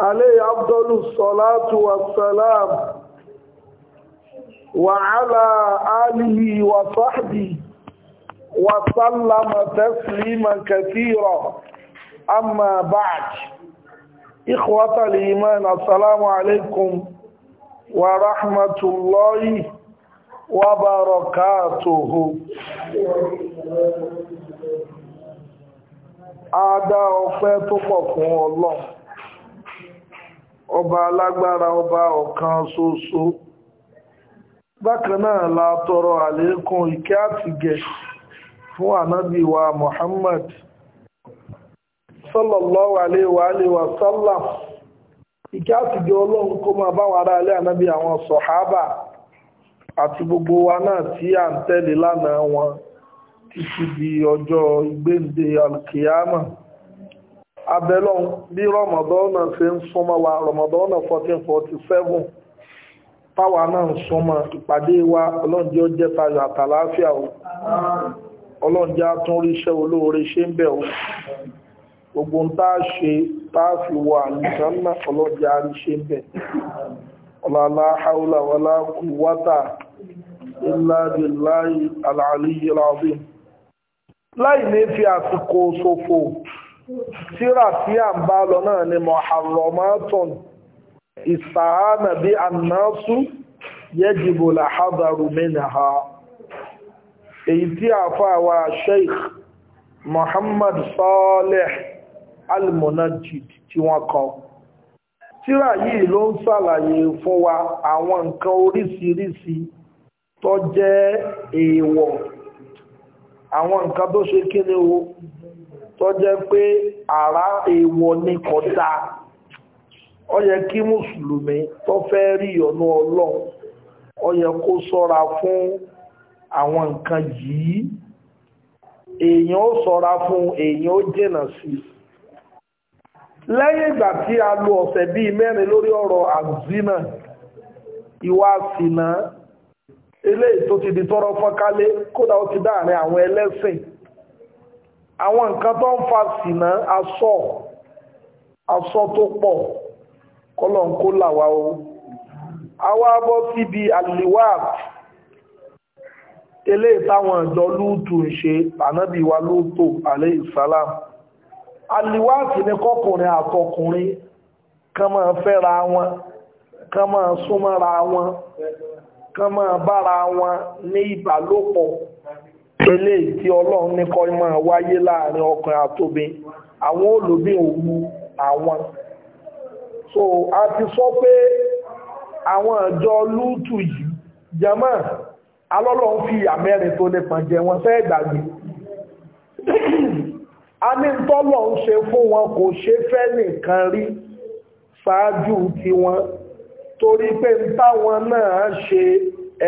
عليه أفضل الصلاة والسلام وعلى آله وصحبه وسلم تسليما كثيرا أما بعد إخوة الإيمان السلام عليكم ورحمة الله وبركاته Adá ọpẹ́ tó pọ̀ fún Ọlọ́run. ọba alágbára ọba ọ̀kan ṣoṣo bákan la tọrọ àlékún ìkẹ́ àtìgẹ̀ fún ànábì wa Muhammad sallallahu alaihi wa sallam ìkẹ́ àtìgẹ̀ ọlọ́run kó máa bá wàrà alẹ́ ànábì àwọn sọ̀hábà àti gbogbo wa náà tí à ń tẹ̀lé lánàá wọn títí di ọjọ́ ìgbéǹde alkiyama. abẹ́lọ́n bí rọmọdọ́nà ṣe ń súnmọ́ wa rọmọdọ́nà 1447 táwa náà ń súnmọ́ ìpàdé wa ọlọ́njẹ́ ó jẹ́ tayọ̀ àtàláfíà o ọlọ́njẹ́ á tún ríṣẹ́ olóore ṣe ń bẹ̀ o gbogbo ń tá a ṣe tá a fi wọ àlùsánná ọlọ́njẹ́ á rí ṣe ń bẹ̀ ọ̀làlá haúlà wàlá kúwátà ilá bíláì àlàálí yìí láì ní fi àsìkò ṣòfò. tira tí à ń bá lọ náà ni muharramatun istahana bí annasu yajibu lahadaru ha. èyí tí àfáà wa sheikh Muhammad Saleh al-Munajjid tí wọ́n kọ tíra yìí ló ń ṣàlàyé fún wa àwọn nǹkan oríṣiríṣi tó jẹ́ èèwọ̀ àwọn nǹkan tó ṣe tó jẹ́ pé ara èèwọ̀ ní kọjá ọyẹ kí mùsùlùmí tó fẹ́ rí ọ̀nà ọlọ́run ọyẹ kó sọ́ra fún àwọn nǹkan yìí èèyàn ó sọ́ra fún èèyàn ó jìnà sí lẹ́yìn ìgbà tí a lo ọ̀sẹ̀ bíi mẹ́rin lórí ọ̀rọ̀ àzínà ìwà sínà eléyìí tó ti di fọ́nkálé kódà ó ti dáàrin àwọn ẹlẹ́sìn àwọn nǹkan tó ń fa sìnà asọ asọ tó pọ̀ kọ́lọ̀ ń kó làwà o àwa bọ́ síbi àlìwáàt eléyìí táwọn ìjọ lúùtù ń ṣe ànábì wa lúùtù alẹ́ ìsálàm àlìwáàtì ni kọkùnrin àtọkùnrin kan máa fẹ́ra wọn kan máa súnmọ́ra wọn kan máa bára wọn ní ìbálòpọ̀ eléyìí tí ọlọ́run ní kọ́ máa wáyé láàrin ọkùnrin àtòbin àwọn olùbí òwú àwọn so a ti sọ pé àwọn ìjọ lútù yìí jẹmọ́ alọ́lọ́run fi ìyà mẹ́rin tó nípa jẹ wọn fẹ́ ìgbàgbé a ní tọ́lọ̀ ń ṣe fún wọn kò ṣe fẹ́ nìkan rí ṣáájú tiwọn torí pé táwọn náà ṣe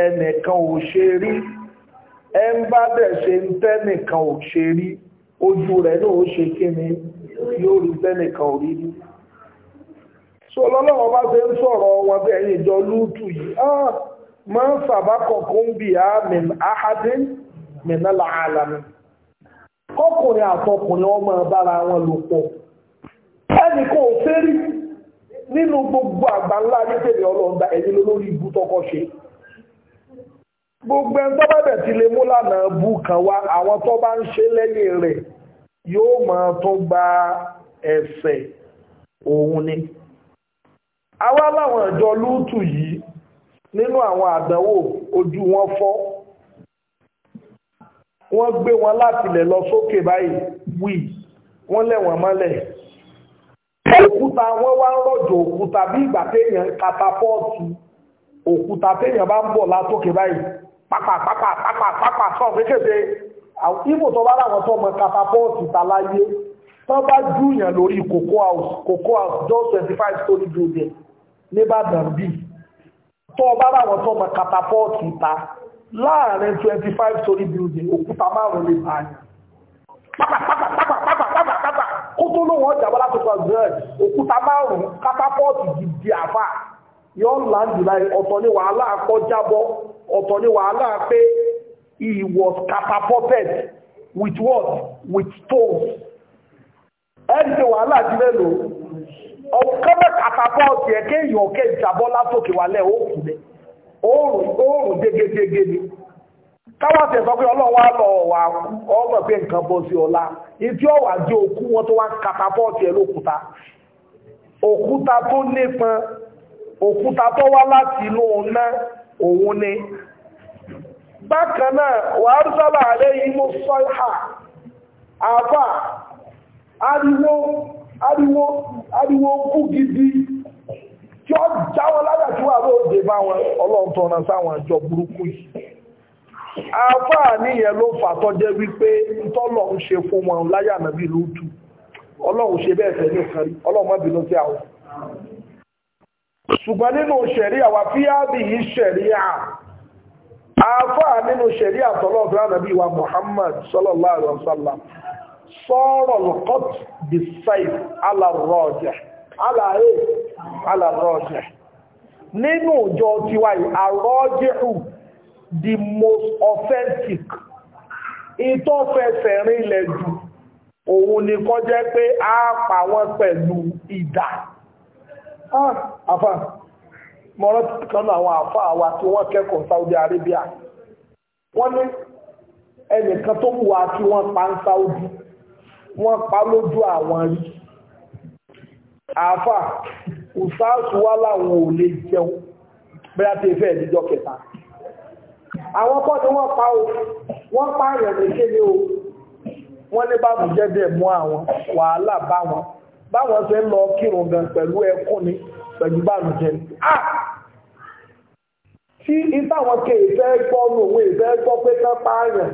ẹnìkan ò ṣe rí ẹ ń bá bẹ̀ ṣe ń tẹ́nìkan ò ṣe rí ojú rẹ̀ náà ó ṣe kí ni yóò rí tẹ́nìkan ò rí rí so lọ́lọ́wọ́ bá ṣe ń sọ̀rọ̀ wọn bí ẹ̀yìn ìjọ lútù yìí ah máa ń sàbá kọ̀kún bí i amin ahadin mìíràn làálàmì kọkùnrin àtọkùnrin ọmọ bára wọn lò pọ̀ ẹnì kan ò fẹ́ rí nínú gbogbo àgbáńlá ayé tèmi ọlọ́ọ̀dà ẹ̀yìn lórí ibú ṣe gbogbo ẹni tó bá bẹ̀ ti lè mú lànà bú kan wá àwọn tó bá ń ṣe lẹ́yìn rẹ̀ yóò máa tó gba ẹ̀ṣẹ̀ òun ni àwa láwọn ìjọ lúùtù yìí nínú àwọn àdánwò ojú wọn fọ́ wọ́n gbé wọn láti lẹ̀ lọ sókè báyìí wí wọ́n lẹ̀ mọ́lẹ̀ òkúta wọ́n wá ń rọ̀jò òkúta bí ìgbà téèyàn katapọ́ọ̀tù òkúta téèyàn bá ń bọ̀ látòkè báyìí pápápápápápápá sọ kékeré ibo tó bá láwọn tó mọ katapọ́ọ̀tì tàláyé tó bá júyàn lórí cocoa just twenty five story building nìbàdàn bíi tó bá láwọn tó mọ katapọ́ọ̀tì ta láàrin twenty five story building òkúta márùn-ún lè bá yàn pápápápápápápápápá kó tó lóun ọjà bọ́lá tó kọ zed òkúta márùn-ún katapọ́ọ̀tì gidi àfà yọ̀ọ́ láǹdì láì ọ̀tọ̀ ni wàhálà kọjá bọ́. ọ̀tọ̀ ni wàhálà pé he was catapulted with what with stones ẹ̀sìn wàhálà ti mélòó ọ̀kẹ́mẹ́ catapult yẹ kéèyàn ọ̀kẹ́ ìjàbọ́ látòkè wálẹ̀ ó kù lẹ̀ oòrùn dégedége ni káwàtẹ̀ sọ pé ọlọ́wà lọ wà ọmọ pé nǹkan bọ́ sí ọlá ìdí ọ̀wà jẹ́ òkú wọn tó wá catapult yẹ lókúta òkúta tó nípọn òkúta tó wá láti inú ọ̀nà Owune, ni bákan náà wà á rúsábà alẹ́ inú ariwo kú gidi tí ó jáwọ́ ládàtú àbẹ́ bá wọn ọlọ́ntọ́nà sáwọn àjọ burúkú yìí àfà níyẹn ló fà tọ́jẹ́ wípé tọ́lọ̀ ń ṣe fún wọn láyà nàbí lóòtù ọlọ́run ṣe bẹ́ẹ̀ fẹ́ ní ìkàrí ọlọ́run má ṣùgbọ́n nínú ṣẹ̀ríà wà fí ábì yìí nínú ṣẹ̀ríà tọ́lọ́ọ̀tọ́ ànàbí wa Muhammad sallallahu ala e, nínú the most authentic ìtọ́fẹsẹ̀ rinlẹ̀ jù òun ni kọjẹ́ pé a pàwọn pelu pẹ̀lú Ah, àfà mọ̀rọ̀ kan àwọn àfà wa tí wọ́n kẹ́kọ̀ọ́ Saudi Arabia wọ́n ní ẹnìkan tó wà kí wọ́n pa ń Saudi wọ́n pa lójú àwọn rí àfà ùsáàsù wá láwọn ò lè jẹun bẹ́yà tí ìfẹ́ ìdíjọ́ kẹta àwọn kọ́ ni wọ́n pa o wọ́n pa àyẹ̀mí kéde o wọ́n ní bá bùjẹ́ dẹ̀ mú àwọn wàhálà bá wọn báwọn ṣe ń lọ kírun gan pẹ̀lú ẹkún ni pẹ̀lú bànújẹ́ Ah, tí ìtàwọn ke ìfẹ́ gbọ́ nù òun ìfẹ́ gbọ́ pé kán pààyàn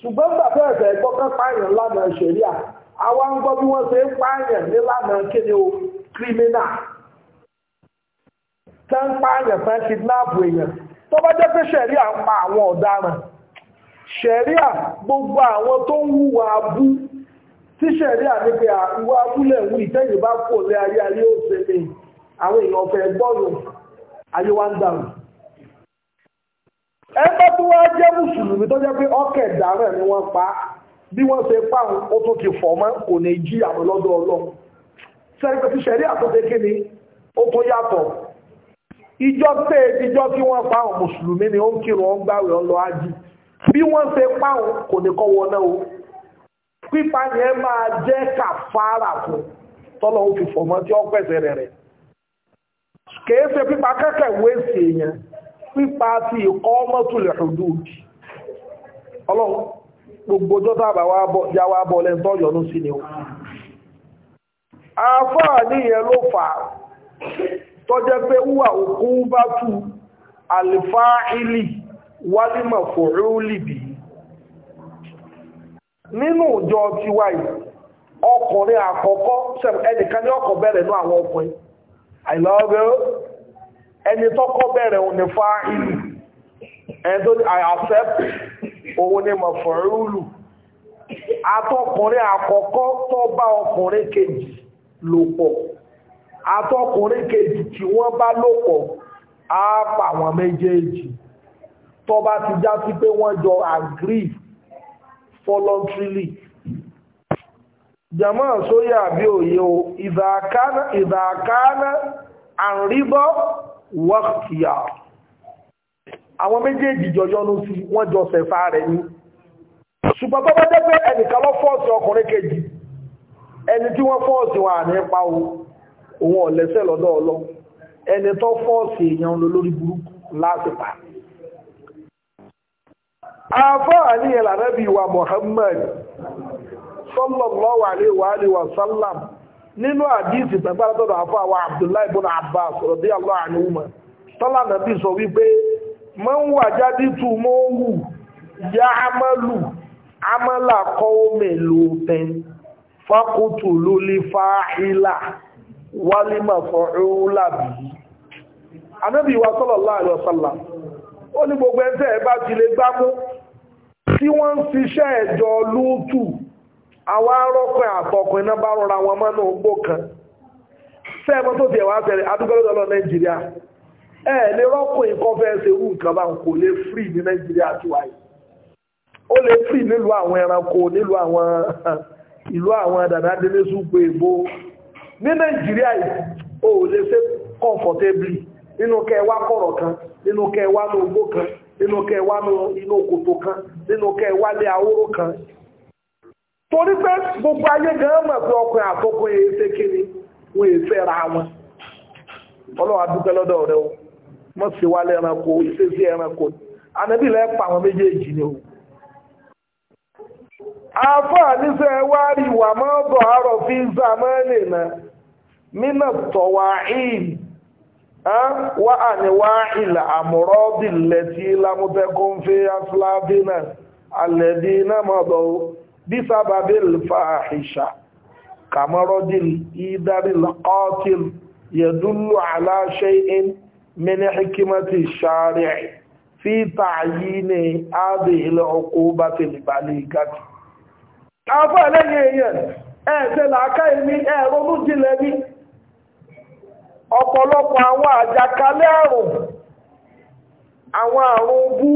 ṣùgbọ́n gbàgbọ́ ẹ̀fẹ́ gbọ́ kán pààyàn lánàá ìṣẹ̀ríà àwa ń gbọ́ bí wọ́n ṣe ń pààyàn nílànà kíni o kírímínà tán pààyàn fẹ́ kidnapu èèyàn tó bá jẹ́ pé ṣẹ̀ríà ń pa àwọn ọ̀daràn ṣẹ̀ríà gbogbo àwọn tó ń hùwà abú tíṣẹ̀rí àníkè àìwá abúlẹ̀ wù ìtẹ́yìn bá kò lé ayé ayé ó ṣe ní àwọn èèyàn ọ̀fẹ́ gbọ́nù ayé wá ń dàrú. ẹ bá tó wá jẹ́ mùsùlùmí tó jẹ́ pé ọkẹ̀ dàrẹ̀ ni wọ́n pa bí wọ́n ṣe pa ó tún ti fọ̀ mọ́ kò ní jí àwọn lọ́dọ̀ ọlọ́run sẹ́yìn pé tíṣẹ̀rí àtúnṣe kí ni ó tún yàtọ̀ ìjọ pé ìjọ tí wọ́n páhùn mùsùlùmí ni ó ń kírun ó ń gbàwẹ̀ ó ń lọ ájì o pípa yẹn máa jẹ́ kàfàrà fún tọ́lọ̀ ó fi fọ̀mọ́ tí ó pẹ̀sẹ̀ rẹ̀ rẹ̀ kìí ṣe pípa kẹ́kẹ̀ wéṣì èèyàn pípa ti ìkọ́ mọ́tòlẹ̀ ọdúnjì ọlọ́run gbogbo dọ́tà àbáwá bọ́ lẹ́ńtọ́ yọ̀nú sí ni ó àfáà níyẹn ló fà á tọ́jẹ́ pé wúwà òkú bá tú àlìfáà ìlì wálímọ̀ fòrúlìbì nínú ìjọ tiwa yìí ọkùnrin àkọ́kọ́ ẹnìkan ní ọkọ̀ bẹ̀rẹ̀ ní àwọn ọkùnrin I love you ẹni tọ́kọ́ bẹ̀rẹ̀ òní fa ìlú ẹni tó I accept òun ni mọ̀ fún rúlù atọ́kùnrin àkọ́kọ́ tó bá ọkùnrin kejì lò pọ̀ atọ́kùnrin kejì tí wọ́n bá lò pọ̀ á pa àwọn méjèèjì tó bá ti já sí pé wọ́n jọ agree voluntarily jama sóyè àbí òye o ìdàkánà ìdàkánà àríbọ wọ́kìyà àwọn méjèèjì jọjọ́ ló sí wọ́n jọ sẹ̀fà rẹ̀ ní ṣùgbọ́n tó bá jẹ́ pé ẹnìkan lọ fọ́ọ̀sì ọkùnrin kejì ẹni tí wọ́n fọ́ọ̀sì wà nípa òun ọ̀lẹ́sẹ̀ lọ́dọ̀ ọlọ́ ẹni tó fọ́ọ̀sì èèyàn lórí burúkú lásìpàá afọ ní ìlànàbí wa Muhammad sallallahu alaihi wa sallam nínú àdíìsì tàbára tọ́dọ̀ àfáà wa Abdullahi ibn Abbas radiyallahu anhuma tọ́lá nàbí sọ wípé man wajadtu mọ́wù ya'malu amala qawmi Lutin fa l-fa'ila wal-maf'ula bihi Ànábì wa sallallahu alaihi wa sallam ó ní gbogbo ẹ̀ńtẹ́ ẹ̀ ti lè gbámú tí wọ́n ń ṣiṣẹ́ ẹ̀jọ́ lóòtù àwọn arọ́pẹ́ àtọkùn iná bá rọra wọn mọ́ náà gbó kan sẹ́ẹ̀mọ́ tó tiẹ̀ wá tẹ̀lé adúgbòlódò lọ nàìjíríà ẹ̀ lè rọ́pò nǹkan fẹ́ ṣe wù nǹkan bá ń kò lè fírì ní nàìjíríà tí wáyé ó lè fírì nílùú àwọn ẹranko nílùú àwọn ìlú àwọn dàdádélé ní nàìjíríà ò lè ṣe comfortably nínú kẹwàá kọ̀rọ̀ kan nínú kẹwàá lóògbó kan nínú kẹwàá inú kòtò kan nínú kẹwàá lé ahóró kan torí pé gbogbo ayé gan mọ̀ pé ọkùnrin àtọkùnrin èyí ṣe kiri wọn èyí fẹ́ ra wọn ọlọ́wà dúpẹ́ lọ́dọ̀ rẹ o mọ̀ sí ẹranko ìṣesí ẹranko ànábì lẹ́ pa àwọn méjèèjì ni o àfáà wá rí mọ́ bọ̀ fi Wa anyị waa chile a mụrụ ọdịnihu leta i lamụta kumfiyas laa dina, ala dina ma dọgbu, bisa babiri faahicha. Kamau dị n'ịdari naqọọtị yadullu ala ashayin mini xikima ti shariịa site a yi na-adịghị ọkụ batụ na balịu gatị. Afọ ole ihe nye eze e, na ọ̀pọ̀lọpọ̀ àwọn àjàkálẹ̀ àrùn àwọn àrùn bú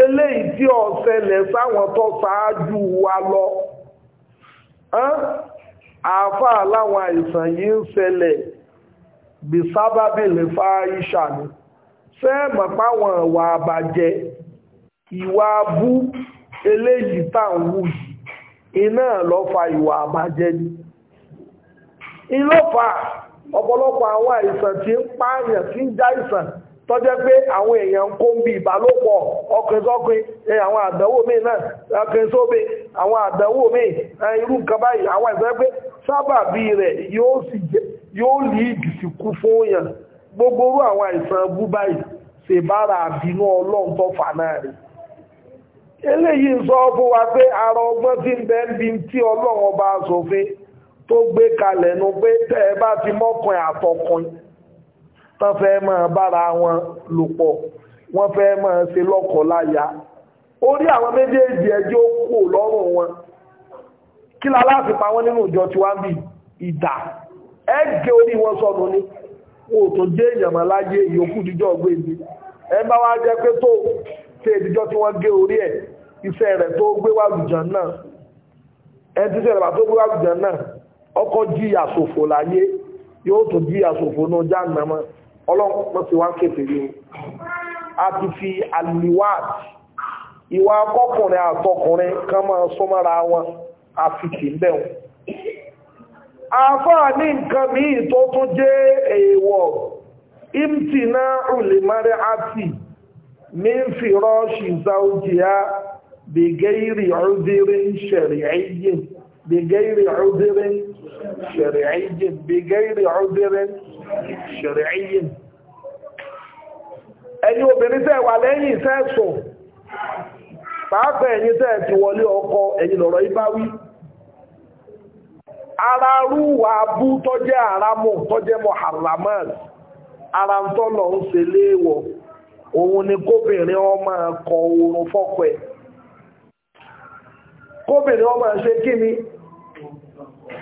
eléyìí tí ó ṣẹlẹ̀ sáwọn tó ṣáájú wa lọ àáfàá láwọn àìsàn yìí ń ṣẹlẹ̀ bí sábàbí lè fa iṣà ni sẹ́ẹ̀mọ̀ páwọn ìwà àbàjẹ́ ìwà bú eléyìí tá wù iná ló fa ìwà àbàjẹ́ ni ìlọ́fà ọ̀pọ̀lọpọ̀ àwọn àìsàn tí ń pààyàn tí ń já ìsàn tó jẹ́ pé àwọn èèyàn ń kó ń bí ìbálòpọ̀ ọkùnrin eh, àwọn àdánwò míì náà ọkùnrin sóbe àwọn àdánwò míì eh, irú nǹkan báyìí àwọn àìsàn pé sábàbí rẹ̀ yóò lè ìdìsí kú fún gbogbo orú àwọn àìsàn wa pé ara ọgbọ́n tí ń ń bí tí ọlọ́run fún tó gbé kalẹ̀ nu pé tẹ́ ẹ bá ti mọ́kùn àtọkùn tán fẹ́ máa bára wọn lò pọ̀ wọ́n fẹ́ máa ṣe lọ́kọ láya orí àwọn méjèèjì ẹjọ́ kò lọ́rùn wọn kí la láti pa wọ́n nínú ìjọ tí wá ń ìdà ẹ orí wọn sọnù ni wọn ò tó dé èèyàn láyé ìyókù díjọ́ gbèdé ẹ bá wá jẹ́ pé tó ṣe ìdíjọ́ tí wọ́n gé orí ẹ̀ iṣẹ́ rẹ̀ tó gbé wàlùjọ náà ẹ ti ṣe ìrọ̀bà tó gbé wàlùjọ náà ọkọ ji ṣòfò láyé yóò tún jíyà ṣòfò náà jáàmù ọlọ́pọ̀ sí wá kéfè yóò a ti fi ìwà akọkùnrin àtọkùnrin kan máa súnmọ́ra wọn a fi kì ń bẹ̀wọ̀n ní nǹkan míì tó tún jẹ́ èèwọ̀ náà rùlé àti mi ń fi rọ́ọ̀ṣì بغير عذر شرعي بغير عذر شرعي obìnrin tẹ́ lẹ́yìn tẹ́ sùn pàápàá ẹ̀yin ọkọ ẹ̀yin lọ̀rọ̀ ìbáwí ara rúwà bú tọ́jẹ́ àrámù tọ́jẹ́ ara ń tọ́lọ̀ ń ni kóbìnrin ọmọ ọkọ oorun fọ́kọ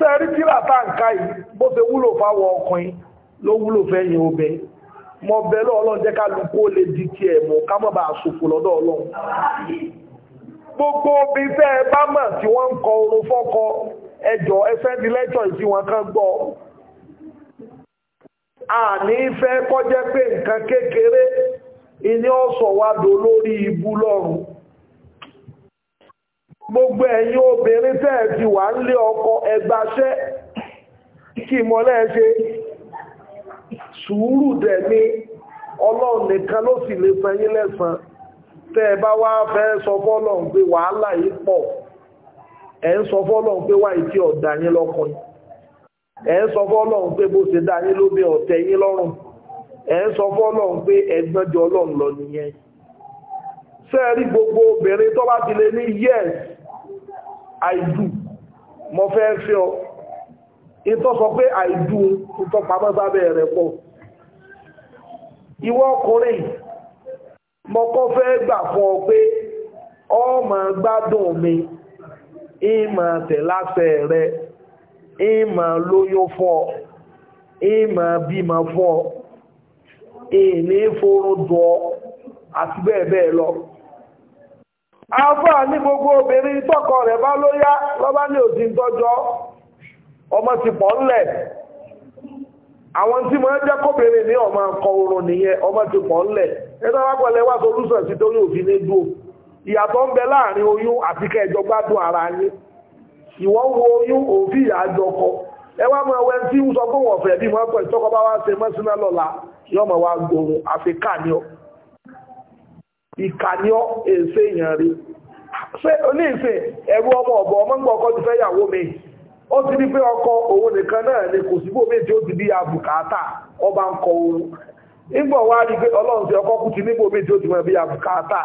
sẹ́rí tíra tá ń ká yìí bó ṣe wúlò fáwọn ọkùnrin ló wúlò fẹ́yìn obẹ mọ bẹ lọ́ọ̀lọ́n jẹ́ ká lùkú ó lè di tiẹ̀ mọ́ ká mọ́ bá ṣòfò lọ́dọ̀ ọlọ́run gbogbo bí fẹ́ bá mọ̀ tí wọ́n ń kọ orun fọ́kọ ẹjọ́ ẹfẹ́ di lẹ́tọ̀ ìsí wọn kan gbọ́ àní fẹ́ kọjẹ́ pé nǹkan kékeré ìní ọ̀sọ̀ wa dò lórí ibú lọ́rùn gbogbo ẹ̀yin obìnrin tẹ́ẹ̀ ti wà ń lé ọkọ ẹgbàṣẹ́ kí mọ́lẹ́ ṣe sùúrù dẹ̀ ní ọlọ́run nìkan ló sì lè san yín lẹ́san tẹ́ẹ̀ bá wá fẹ́ sọ fọ́lọ́run pé wàhálà yìí pọ̀ ẹ̀ ń sọ fọ́lọ́run pé wà ìtí ọ̀dà yín lọ́kùn ẹ̀ ń sọ fọ́lọ́run pé bó ṣe dá yín lóbi ọ̀tẹ̀ yín lọ́rùn ẹ̀ ń sọ fọ́lọ́run pé ẹgbẹ́jọ ọlọ́run lọ nìyẹn sẹ́ẹ̀rí gbogbo obìnrin tó bá ti lè ní yẹ́ẹ̀sì I do mo fẹ́ fẹ́ ọ ìtọ́ sọ pé I do ìtọ́ pamọ́ sábẹ́ rẹ̀ pọ̀ ìwọ ọkùnrin mo kọ́ fẹ́ gbà fún ọ pé ọmọ gbádùn mi ìmọ̀ tẹ̀láṣẹ rẹ ìmọ̀ lóyún fún ọ ìmọ̀ bímọ fún ọ ìní forúdùọ àti bẹ́ẹ̀ bẹ́ẹ̀ lọ a ní gbogbo obìnrin tọkọ rẹ̀ bá ló yá lọ́bá ní òsì tọ́jọ́ ọmọ ti pọ̀ ńlẹ̀ àwọn tí mo jẹ́ kóbìnrin ní ọmọ akọ oorun nìyẹn ọmọ ti pọ̀ ńlẹ̀ ẹgbẹ́ wápọ̀lẹ̀ wá solúsọ̀ sí òfin ní ara yín wo oyún òfin ẹ wá mọ ẹwẹ́ tí ń sọ bá wá ṣe mọ́sínà lọ́la gbòòrùn àfikà ni ìkàní èsè èèyàn rí ṣé oníṣe ẹ̀rú ọmọ ọ̀bọ̀ ọmọ ńgbọ́ ọkọ ti fẹ́ yàwó mi ó ti di pé ọkọ òun nìkan náà ni kò síbò méjì ó ti ọba ń oorun wá rí pé ọlọ́run ti ti méjì ó ti mọ̀ bí àbùkátà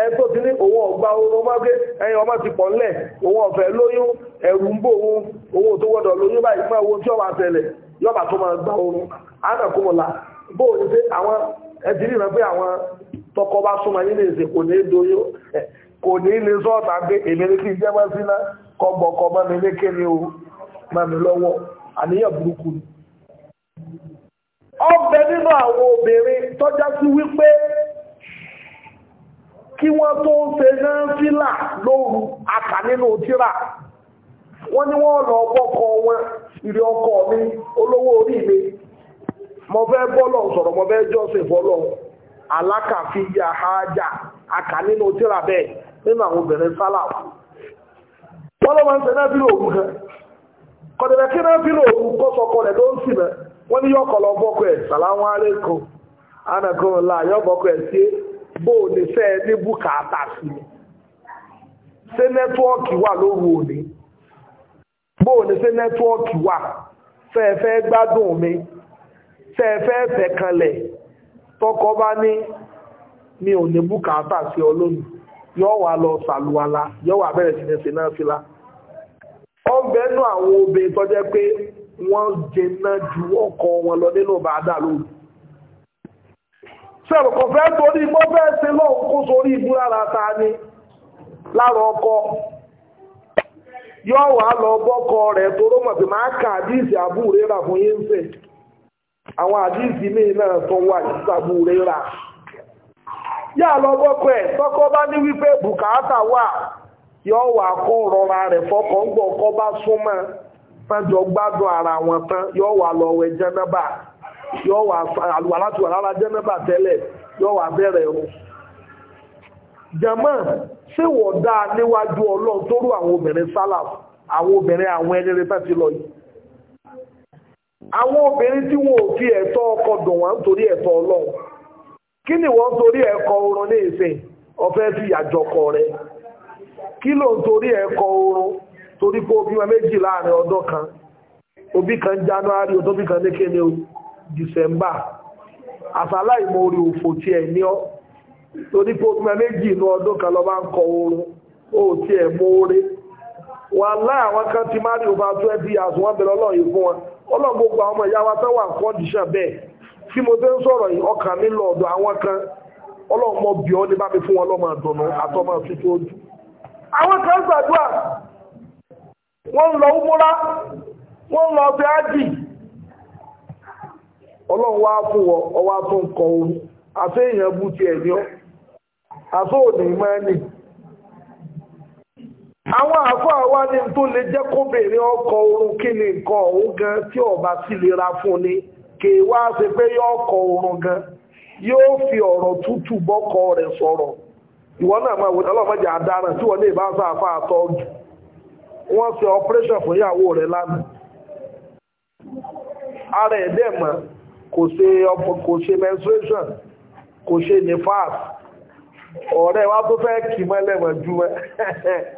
ẹ tó ti ní òun ọgbà ọmọ ẹyin ọmọ ti pọ̀ ńlẹ̀ òun ọ̀fẹ́ lóyún ẹ̀rù òun ẹ̀dì rí rẹ̀ pé àwọn tọkọ bá súnmọ́ yín lè kò ní doyó kò ní lè sọ́ọ̀tà gbé èmi ní kí náà kọ́gbọ̀kọ́ mọ́ mi ní kéde o mọ́ mi lọ́wọ́ àníyàn burúkú ni. ọbẹ̀ nínú àwọn obìnrin tọ́já sí wípé kí wọ́n tó ń ṣe náà fílà lóru àkà nínú tíra wọ́n ní wọ́n lọ ọkọ̀ wọn ìrì ọkọ̀ mi olówó orí mi mo fẹ́ bọ́lọ̀ sọ̀rọ̀ mo fẹ́ jọ́sìn fọ́lọ̀ alákàfíyà hájà àkà nínú tíra bẹ́ẹ̀ nínú àwọn obìnrin sálà wọ́n ló máa ń tẹ̀lé bí òru kan kọ̀dẹ̀dẹ̀ kí náà bí òru kọ́ sọkọ rẹ̀ ló ń sì mẹ́ wọ́n ní yọkọ̀ lọ bọ́kọ̀ ẹ̀ sàlámù aláìkùm anàkùn ńlá yọ mi tẹ́ ẹ fẹ́ kanlẹ̀ bá ní mi ọ lọ sàlùwàlà ala wá bẹ̀rẹ̀ sí ní náà fìlà àwọn obìnrin tó jẹ́ pé wọ́n jẹná ju ọkọ wọn lọ nínú ọba fẹ́ torí mọ́ fẹ́ ṣe lọ́hùn ni lára ọkọ lọ bọ́kọ rẹ̀ toró mọ̀ fún yín àwọn àdíìsì míì náà tó wà ìsàbù rẹ̀ rà yà lọ bọ́kọ̀ ẹ̀ tọ́kọ́ bá ní wípé bùkátà wà yọ wà kó rọra rẹ̀ fọkàn gbọ́ kọ́ bá súnmọ́ fẹ́jọ gbádùn ara wọn tán yọ wà lọ jẹ́nẹ́bà yọ wà àlùwà láti wà lára jẹ́nẹ́bà tẹ́lẹ̀ yọ wà bẹ̀rẹ̀ o jẹ̀mọ́ ṣé wọ̀ dáa níwájú ọlọ́run tó rú àwọn obìnrin sálà àwọn obìnrin àwọn ẹni rẹ̀ fẹ́ ti lọ yìí àwọn obìnrin tí wọn ò fi ẹ̀tọ́ ọkọ dùn wọn nítorí ẹ̀tọ́ ọlọ́run kí ni wọ́n torí ẹ̀kọ́ oorun ní ìsìn ọ̀fẹ́ fi àjọkọ rẹ kí ló ń torí ẹ̀kọ́ oorun torí pé obìnrin méjì láàrin ọdún kan òbí kan January ọdún bí kan lékè o December àsálà ìmòrì òfò tí ẹ̀ ní ọ́ torí pé obìnrin méjì ọdún kan lọ bá ń kọ oorun ó ti ẹ̀ móore wà láàwọn kan ti má rí twenty years wọ́n bẹ̀rẹ̀ fún wọn ọlọ́run gbogbo àwọn ọmọ ìyá wa tán wà ń bẹ́ẹ̀ tí mo tẹ́ ń sọ̀rọ̀ yìí ọkàn mi kan bí ọ́ ní bá mi fún wọn lọ́mọ àdùnnú ojú àwọn kan gbàdúrà wọ́n lọ múra wọ́n lọ bí ájì ọlọ́run wá fún ọwá tó ń kọ ohun èèyàn bú àwọn afọ wa ní tó lè jẹ́ ọkọ̀ oorun kí ni nǹkan tí ọba sì lè ra fún ni kì í pé yọ ọkọ̀ oorun gan yóò fi ọ̀rọ̀ tútù bọkọ rẹ̀ sọrọ ìwọ náà máa wò tí wọ́n lè bá sọ wọn ṣe operation fún ìyàwó ara menstruation kò nifas wa tó kì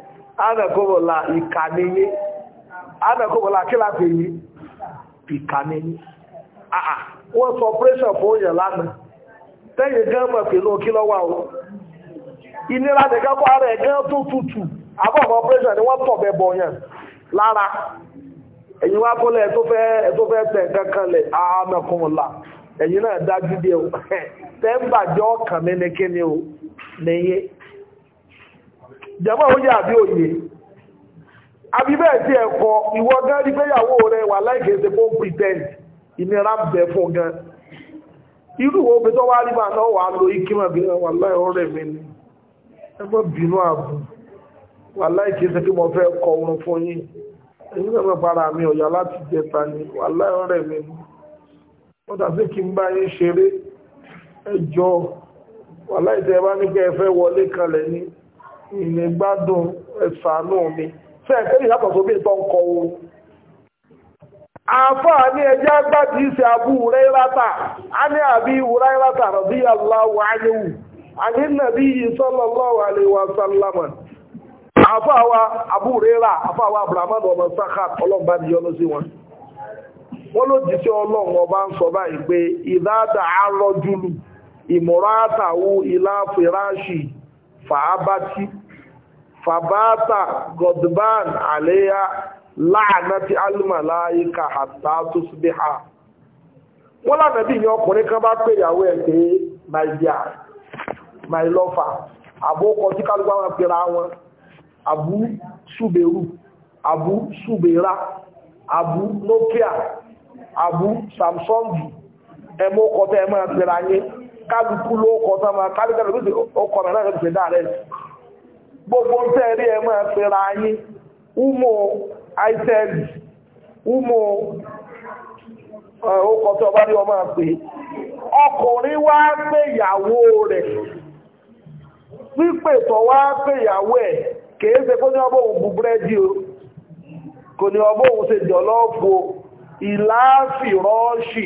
anakobola ìkànnìyí anakobola kílàpẹ̀ yìí wọ́n sọ pressure fún mọ̀ kí ìnira nìkan ara ẹ̀ gan tó tutù àbọ̀mọ̀ pressure ni wọ́n tọ̀ bẹ̀ bọ̀ lára ẹ̀yin wá kọ́lẹ̀ ẹ̀ fẹ́ tẹ̀ kankan lẹ̀ náà dájú tẹ́ ń bàjọ́ ní o nìyẹn. jẹ́mọ́ ó yà bí òye àbí bẹ́ẹ̀ tí ẹ kọ ìwọ gan rí péyàwó rẹ wà láìkè ṣe fún pretend ìnira bẹ̀ fún gan irú wo pé tó wá rí màá náà wà lo ikímọ̀ bí wà láì ọ̀rẹ́ mi ni ẹ bínú àbù wà láìkè ṣe kí mo fẹ́ kọ orun fún yín èyí náà para mi ọ̀yà láti jẹta ni wà láì ọ̀rẹ́ mi ni wọ́n tàbí kí n bá yín ṣeré ẹjọ́ wà láì bá ní ẹ fẹ́ wọlé kalẹ̀ ni. ilẹ̀ gbádùn ẹ̀sánú mi fẹ́ẹ̀ tẹ́lẹ̀ ìyàtọ̀ ń kọ o àfáà ní ẹjẹ́ agbájí ṣe Abu Hurairata a ní Abi Hurairata radiyallahu anhu àní nàbí sallallahu alaihi ọmọ sáká yọ́nú sí wọn ló jí sí ọlọ́run ọba ń sọ báyìí pé fàbáàtà godban àléyá láàánátí alùmọ̀láyíká àtà tó síbí ha wọ́n lánàbí ní ọkùnrin kan bá pè ìyàwó ẹ̀ pé my dear my lover àbókọ tí kálùgbà wọn pèrà wọn àbú ṣùbẹ̀rù àbú ṣùbẹ̀rà àbú nokia àbú samsungi ẹmọ ọkọ̀ tẹ́ ẹ máa pèrà yín kálùkù ló ọkọ̀ tẹ́ gbogbo tẹ́rí ẹ ma fẹ́ra yín umu ụmụ umu ọkọ̀ eh, ọkùnrin wá pèyàwó rẹ̀ pípè tó wá pèyàwó ẹ̀ kó ní òun bu búrẹ́dì o kò ní ọmọ òun ṣe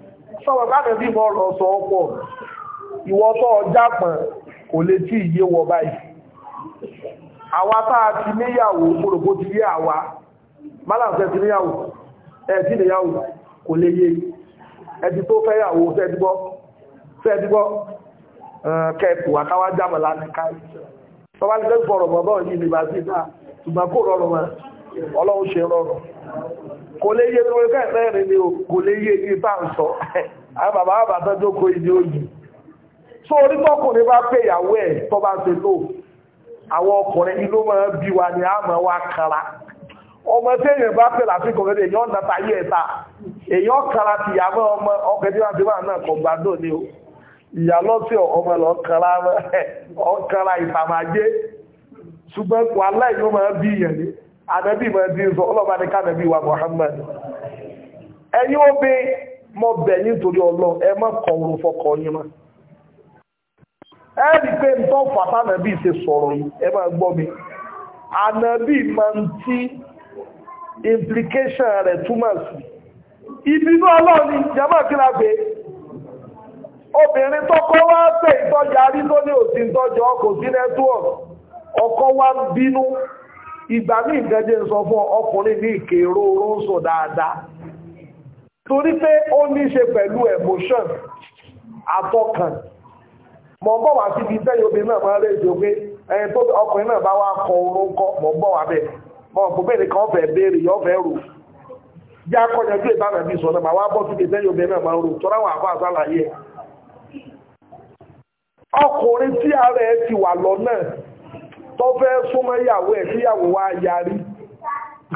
sọ̀rọ̀ káàdé bí mo rọ̀ sọ ọ̀pọ̀ ìwọ tó ọjà pọ̀n kò lè tí ì yé wọ báyìí àwa tá a ti níyàwó gbòrògbò ti yé àwa málàǹsẹ̀ ti níyàwó ẹ̀ ti níyàwó kò lè yé ẹni tó fẹ́ yàwó fẹ́ẹ́dúgbọ́ fẹ́ẹ́dúgbọ́ kẹ́ẹ̀kù àtàwájámọ̀lá ní káyì tọ́wálẹ́gbẹ̀ẹ́ fọ̀rọ̀ bọ̀bọ̀ yìí ní bàtí náà ṣùgbọ́n kò rọrùn wọn ọlọ́run ṣe rọrùn kò lè yé tó kẹ́ ẹ̀rẹ́ ni o kò lè yé ní bá ń sọ àwọn bàbá bàbá tó jókòó ìdí òyì tó orí tọkùnrin bá pè ìyàwó ẹ̀ tó bá ṣe lò àwọn ọkùnrin inú máa bí wa ni a máa wá kara ọmọ téèyàn bá pè láti kọ̀ọ̀kan ní èèyàn nàta yé ẹ̀ta èèyàn kara ti ìyá mọ́ ọmọ ọkẹ́ tí wọ́n ti wà náà kọ̀ gbádùn ni o ìyá lọ́sẹ̀ ọmọ lọ kara ìtàmàjé ṣùgbọ́n wàhálà ìlú máa bí ìyẹn ni Anabi ma ẹbí sọ ọlọ́ba ní kánàbí wa Muhammad ẹ̀yin obe mọ bẹ̀yìn torí ọlọ ẹ má kọ fọkọ yín mọ́ ẹ rí pé ń sọ̀rọ̀ yìí ẹ gbọ́ mi Anabi ma ń rẹ̀ túmọ̀ sí ìbínú kíra pé obìnrin wá ìtọ́jà ní òsì sí ọkọ wá bínú ìgbà ní ìdẹ́jẹ́ sọ fún ọkùnrin ní ìkèrò orónsò dáadáa torí pé ó ní ṣe pẹ̀lú emotion àtọkàn mọ̀ bọ̀ wá síbi tẹ́yìn obìnrin náà máa rèé jò pé ẹni tó ọkùnrin náà bá wá kọ mọ̀ bọ̀ wá bẹ̀ mọ̀ kò bẹ́ẹ̀ béèrè rò akọ́jà bí sọ náà wá bọ́ síbi náà máa rò tọ́ra wọn àsálàyé ọkùnrin tí ara ẹ tó fẹ́ súnmọ́ ìyàwó ẹ̀ síyàwó wa yarí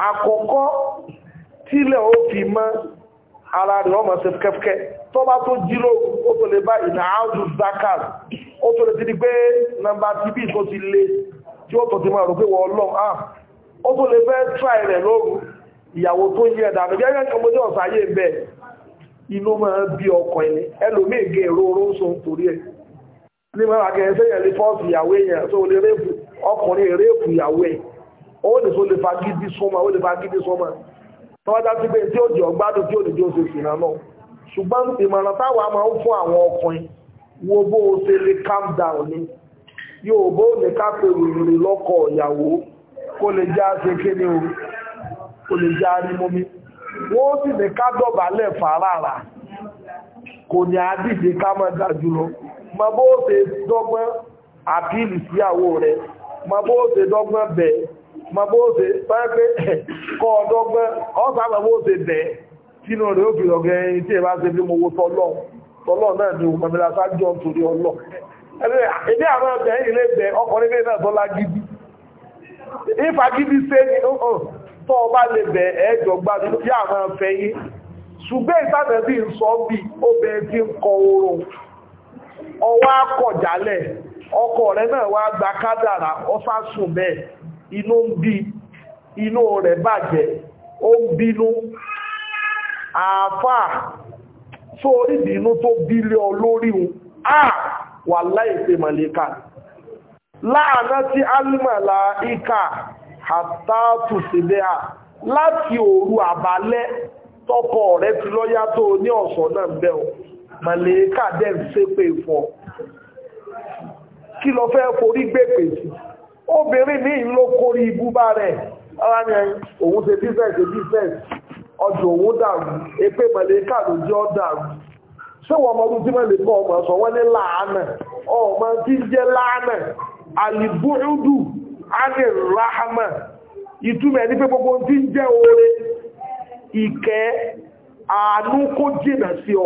àkọ́kọ́ tílẹ̀ ó fi mọ́ ara rẹ̀ ọmọ ṣe kẹ́kẹ́ tó bá tó jílò ó tó lè bá ìnà áùdù zakat ó tó lè ti di pé nàmbà tí bí tó ti lè tí ó tọ̀ ti máa rò pé wọ́n lọ́n à ah! ó tó lè fẹ́ tíráì rẹ̀ lóru ìyàwó tó yẹ dànù ní mẹ́rin àgẹ́sẹ́ yẹn lè fọ́ọ̀sì ìyàwó èèyàn tó lè rẹ́pù ọkùnrin rẹ́pù ìyàwó ẹ̀ ó lè so lè fagídí súnmọ́ ó lè fagídí súnmọ́ tọ́wọ́dá sí pé tí ó jẹ́ ọgbádùn tí ó lè jẹ́ oṣù ìsìn náà ṣùgbọ́n ìmọ̀ràn táwa máa ń fún àwọn ọkùnrin wo bó o ṣe lè calm down ni yóò bó lè ká pé rìnrìn lọ́kọ̀ ìyàwó kó lè já ṣe kéde o kó lè já rí mọ́mí wọ́n sì lè ká dọ̀bálẹ̀ fàárà kò ní àdìdè ká mọ́ dájú lọ mọ bó ṣe dọ́gbọ́n àpíìlì síyàwó rẹ̀ ma bó ṣe dọ́gbọ́n bẹ̀ mọ bó ṣe pẹ́pẹ́ kọ́ ọdọ́gbọ́n ọ̀sán bó ṣe bẹ̀ sínú rẹ̀ ó fi ọ̀gẹ́ ẹyin tí ẹ bá ṣe bí mo wo tọ́lọ́ tọ́lọ́ náà ni mo mọ̀mílá sájọ́ nítorí ọlọ́ ẹ̀dẹ́ àwọn ọ̀bẹ̀ ilé bẹ̀ ọkùnrin lè náà tọ́lá gidi ìfagidi ṣe ni tọ́ ọba lè bẹ̀ ẹ̀ẹ́jọ̀ gbádùn tí àwọn afẹ́yìn ṣùgbẹ́ ìtàbẹ̀ bí ń sọ bí obìnrin ti ń kọ oorun ọwọ́ akọ̀jálẹ̀ ọkọ rẹ̀ náà wá gba kádàrà ọsásùn inú ń bí inú rẹ̀ bàjẹ́ ó ń bínú àáfà tó orí ìbínú tó bilio olórí un à wà láìpé màlíkà láàánà tí alìmọ̀lá ìkà àtàtù sílẹ̀ à láti òru àbálẹ́ tọkọ rẹ̀ ti lọ́yá tó ní ọ̀sán náà bẹ́ẹ̀ màlẹ́kà dẹ̀ ń ṣépè fún ọ kí lọ fẹ́ forí gbèpè sí obìnrin ní ìlò kórí ibúbá rẹ̀ ara ni òun ṣe bífẹ̀ẹ́sì bífẹ̀ẹ́sì ọjọ́ òun dàrú èpè màlẹ́kà ló jẹ́ dàrú ṣé wọ́n mọ̀ ọdún tí màlẹ́kà ọmọ wọ́n ní láàánà ọmọ tí ń jẹ́ gbogbo tí ń jẹ́ oore ìkẹ́ àánú ọ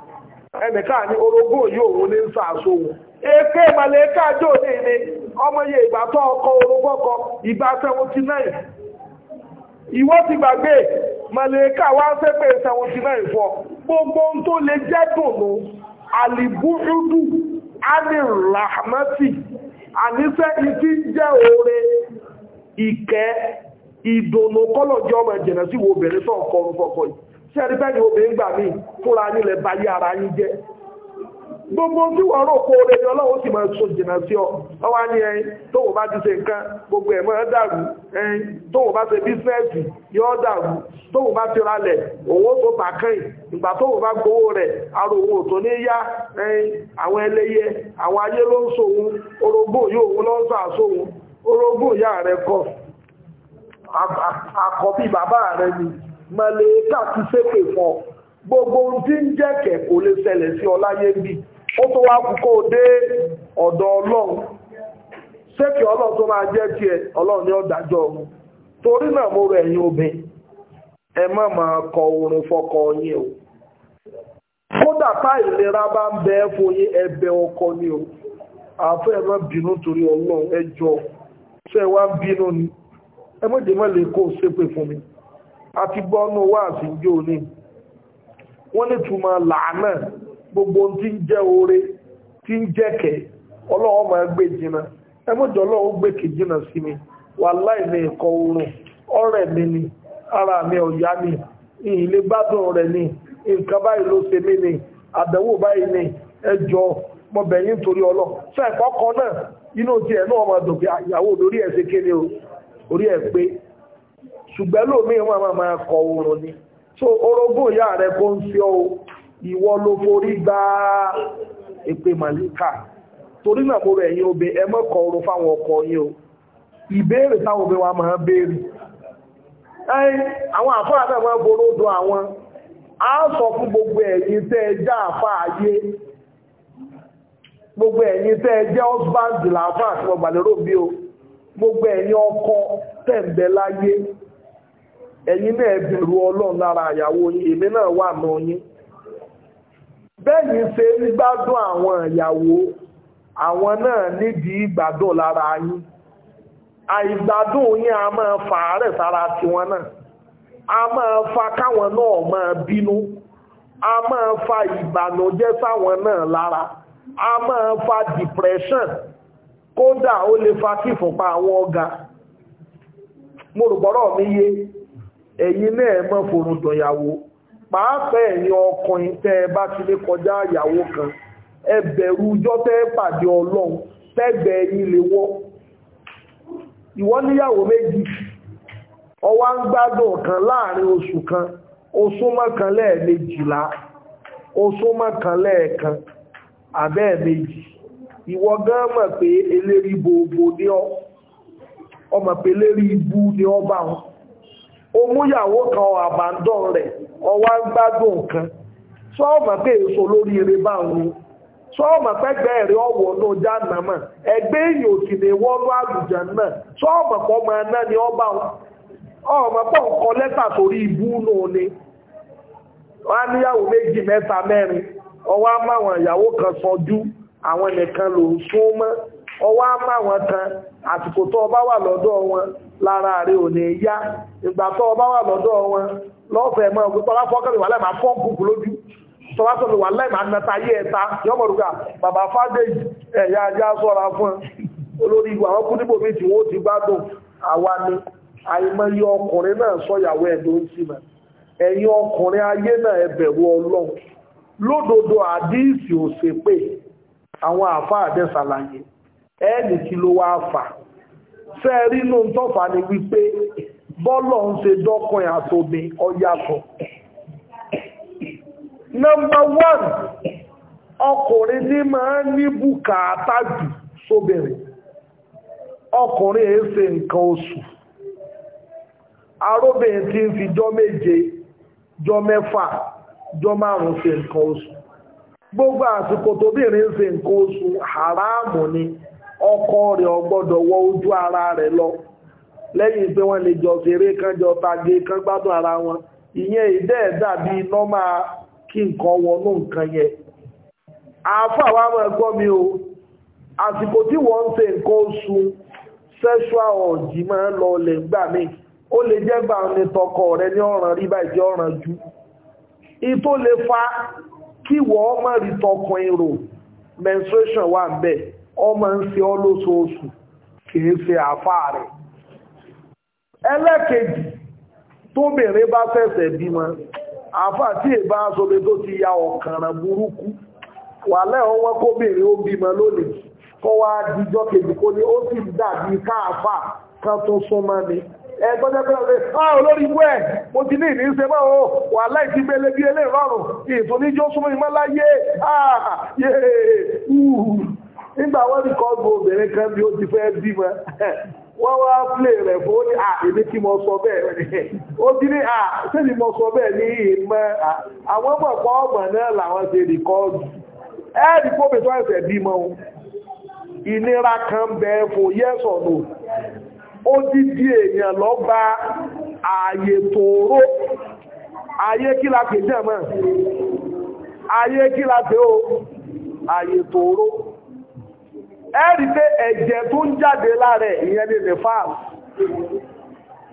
ẹnìkan ní orogún yóò owo ní sàásòwò aso màlẹ́kà jò ní ní ọmọ yẹ ìgbà tó ọkọ orogún ọkọ ìgbà 79 ìwọ ti gbàgbé màlẹ́kà wá ń 79 fọ gbogbo ohun tó lè jẹ́ dùnú àlìbúrúdù alìràhámẹ́tì àníṣẹ́ ìtí jẹ́ oore ìkẹ́ ìdùnnú kọ́lọ̀ jẹ́ ọmọ ìjẹ̀nà sí wo obìnrin tó ọkọ orogún ọkọ yìí ṣẹ́rí bẹ́ẹ̀ ni obìnrin gbà mí fúnra yín lẹ bá yí ara yín jẹ́ gbogbo tí wọ́n rò kó rẹ̀ ni ọlọ́wọ́ sì máa so jìnà sí ọ ní ẹyin tó wọ́n bá ti ṣe nǹkan gbogbo ẹ̀ ọ dàrú ẹyin tó wọ́n bá ṣe bísínẹ́sì yóò dàrú tó wọ́n bá ti ralẹ̀ owó tó ìgbà tó wọ́n bá gbowó rẹ̀ owó tó ní yá ẹyin àwọn ẹlẹ́yẹ àwọn ayé ló ń sòun orogún yóò wọn sọ àsòun orogún ìyá kọ màlẹ́kà ti ṣépè fún gbogbo ndị tí kò lè ṣẹlẹ̀ sí ọ láyé ó tó wá kú kó dé ọ̀dọ̀ ọlọ́run ṣékè ọlọ́run tó máa jẹ́ tiẹ̀ ọlọ́run ní ọ̀dájọ́ ọ̀run torí náà mo rẹ̀ ẹ̀yin obìnrin ẹ kọ fọkọ yín o kódà tá ìlera bá bẹ fún yín ọkọ ni o ẹ má bínú torí ọlọ́run ni ẹ lè kó a ti gbọ́ ní owó àsìnjó ni wọ́n lè túmọ̀ naa gbogbo tí ń jẹ́ oore tí ń jẹ́kẹ̀ ọlọ́wọ́ máa gbé jìnnà ẹmọ́jọ́ ọlọ́wọ́ gbé kì jìnnà sí mi wà láì ní ẹ̀kọ́ oorun ọ̀rẹ́ mi ni ara mi ọ̀yá mi ilé gbádùn rẹ̀ ni nǹkan báyìí ló ṣe mí ni àdánwò báyìí ni ẹjọ́ mọ̀bẹ̀yìn torí ọlọ́ sọ ẹ̀kọ́ kan náà inú ti ẹ̀ náà ọmọ àdùnkì ṣùgbọ́n lómi wọn máa máa kọ oorun ni so orogún ìyá rẹ kó ń fi ọ ìwọ ló forí gba èpè màlíkà torí náà mo rẹ̀ yín obe ẹ má kọ oorun fáwọn ọkọ yín o ìbéèrè táwọn obìnrin wa máa béèrè ẹ́yìn àwọn àfáà náà máa boró do àwọn a sọ fún gbogbo ẹ̀yin tẹ́ ẹ jẹ́ àfáà ayé gbogbo ẹ̀yin tẹ́ ẹ jẹ́ husband làáfáà tí wọ́n gbàlérò bí o gbogbo ẹ̀yin ọkọ tẹ̀ ń bẹ láyé ẹ̀yin náà bẹ̀rù ọlọ́run lára ìyàwó yín èmi náà wà náà yín bẹ́yìn ṣe ń gbádùn àwọn ìyàwó àwọn náà nídìí ìgbádùn lára yín àìgbádùn yín a máa fà àárẹ̀ sára tiwọn náà a máa fa káwọn náà máa bínú a máa fa ìbànújẹ́ sáwọn náà lára a máa fa depression kódà ó lè fa kífùnpá àwọn ọ̀gá mo rò gbọ́rọ̀ mi yé ẹ̀yin náà mọ́ forun dọ̀yàwó pàápàá ẹ̀yin ọkùnrin tẹ́ bá ti lé kọjá àyàwó kan ẹ bẹ̀rù ọjọ́ tẹ́ pàdé ọlọ́run tẹ́gbẹ̀ ẹ̀yin lè wọ́ ìwọ níyàwó méjì ọwá ń gbádùn kan láàrin oṣù kan oṣù mọ́kan lẹ́ẹ̀mejìlá oṣù mọ́kan lẹ́ẹ̀kan àbẹ́ẹ̀mejì ìwọ gan mọ̀ pé eléri gbogbo ní ọ ọmọ pé eléri ibú ní ọba wọn o yawọ kan àbàndọ̀ rẹ̀ ọwá ń gbádùn kan sọ́ọ̀mọ̀ pé èso lórí eré bá ń wo sọ́ọ̀mọ̀ pẹ́gbẹ́ rẹ̀ ọ̀wọ̀ náà jáàmà mọ̀ ẹgbẹ́ èyàn ò sì lè wọ́nú náà sọ́ọ̀mọ̀ pọ̀ mọ̀ ọba ọmọ pọ̀ ń kọ lẹ́tà ibú náà ni wọ́n á níyàwó méjì mẹ́ta mẹ́rin kan sọjú àwọn nìkan ọwọ́ á kan àsìkò ọba wà lọ́dọ̀ lára rẹ̀ ò ní yá ìgbà tó o bá wà lọ́dọ̀ wọn lọ́fẹ̀ẹ́ mọ́ ọgbẹ́ tọ́lá fọ́kẹ́ mi wà láì máa pọ́ǹpù lójú tọ́lá sọ̀rọ̀ wà láì máa nata ayé ẹ̀ta yọmọ̀rúgà bàbá fádéjì ẹ̀yà ajá sọ́ra fún olórí ìwà àwọn kúndìbò mi tí wọ́n ti gbádùn fẹ́ rínú tọ́fà ni wípé bọ́lọ̀ ń ṣe dọ́kùn àtòmí ọyàtọ̀ nọmba one ọkùnrin ní máa ní bùkátà jù sóbìnrin ọkùnrin èé ṣe nǹkan oṣù aróbìnrin tí ń fi jọ méje jọ mẹ́fà jọ márùn-ún ṣe nǹkan oṣù gbogbo àsìkò tóbìnrin ṣe nǹkan oṣù haramu ni. ọkọ rẹ̀ ò wọ ojú ara rẹ̀ lọ lẹ́yìn pé wọ́n lè jọ ṣeré kan jọ tagé kan gbádùn ara wọn ìyẹn ìdẹ́ dàbí nọ́mà kí nǹkan wọnú nǹkan yẹn àáfà wa máa gbọ́ mi o àsìkò tí wọ́n ń ṣe nǹkan oṣù ọ̀jì máa ń lọ lè gbà mí ó lè jẹ́ gbà ní tọkọ rẹ ní ọ̀ràn rí báyìí jẹ́ ọ̀ràn jù ìtó lè fa kí wọ́n rí menstruation wà ń ọmọ ń ṣe ọ lóṣooṣù kìí ṣe àfáà rẹ̀ ẹlẹ́kejì tóbìnrin bá fẹ́sẹ̀ bímọ àfáà tí èbá aṣọ́bẹ tó ti ya ọ̀kànràn burúkú wà lẹ́ọ̀wọ́ kóbìnrin ó bímọ lónìí kọ́ wá díjọ́ kejì kó ní ó sì dàbí káàfà kan tó súnmọ́ ni ẹgbọ́njẹ́gbẹ́rẹ́ ah olórí ìwé ẹ̀ mo ti ní ìní ṣe máa o wà láìsí gbélé bí elé ìrọ̀rùn ìtòníjó súnmọ́ ìmọ́láyé ah, nígbà wọ́n ní kọ́ọ̀bù obìnrin kan bí ó ti fẹ́ bímọ wọ́n wá plé rẹ̀ fún ó ní à èmi tí mo sọ bẹ́ẹ̀ rẹ̀ ó ti ní à sẹ́ni mo sọ bẹ́ẹ̀ ní ìmọ̀ àwọn pọ̀pọ̀ ọ̀gbọ̀n náà làwọn ti rí kọ́ọ̀bù ẹ́ẹ̀dì kó bèèrè tó ẹ̀sẹ̀ bímọ ìnira kan bẹ́ẹ̀ fún yes or no ó dídí èèyàn lọ bá ààyè tòóró ayé kí la pè jẹ́ mọ́ ayé kí la pè ó ààyè tòóró ẹ́rì pé ẹ̀jẹ̀ tó ń jáde lára ìyẹn ní nefas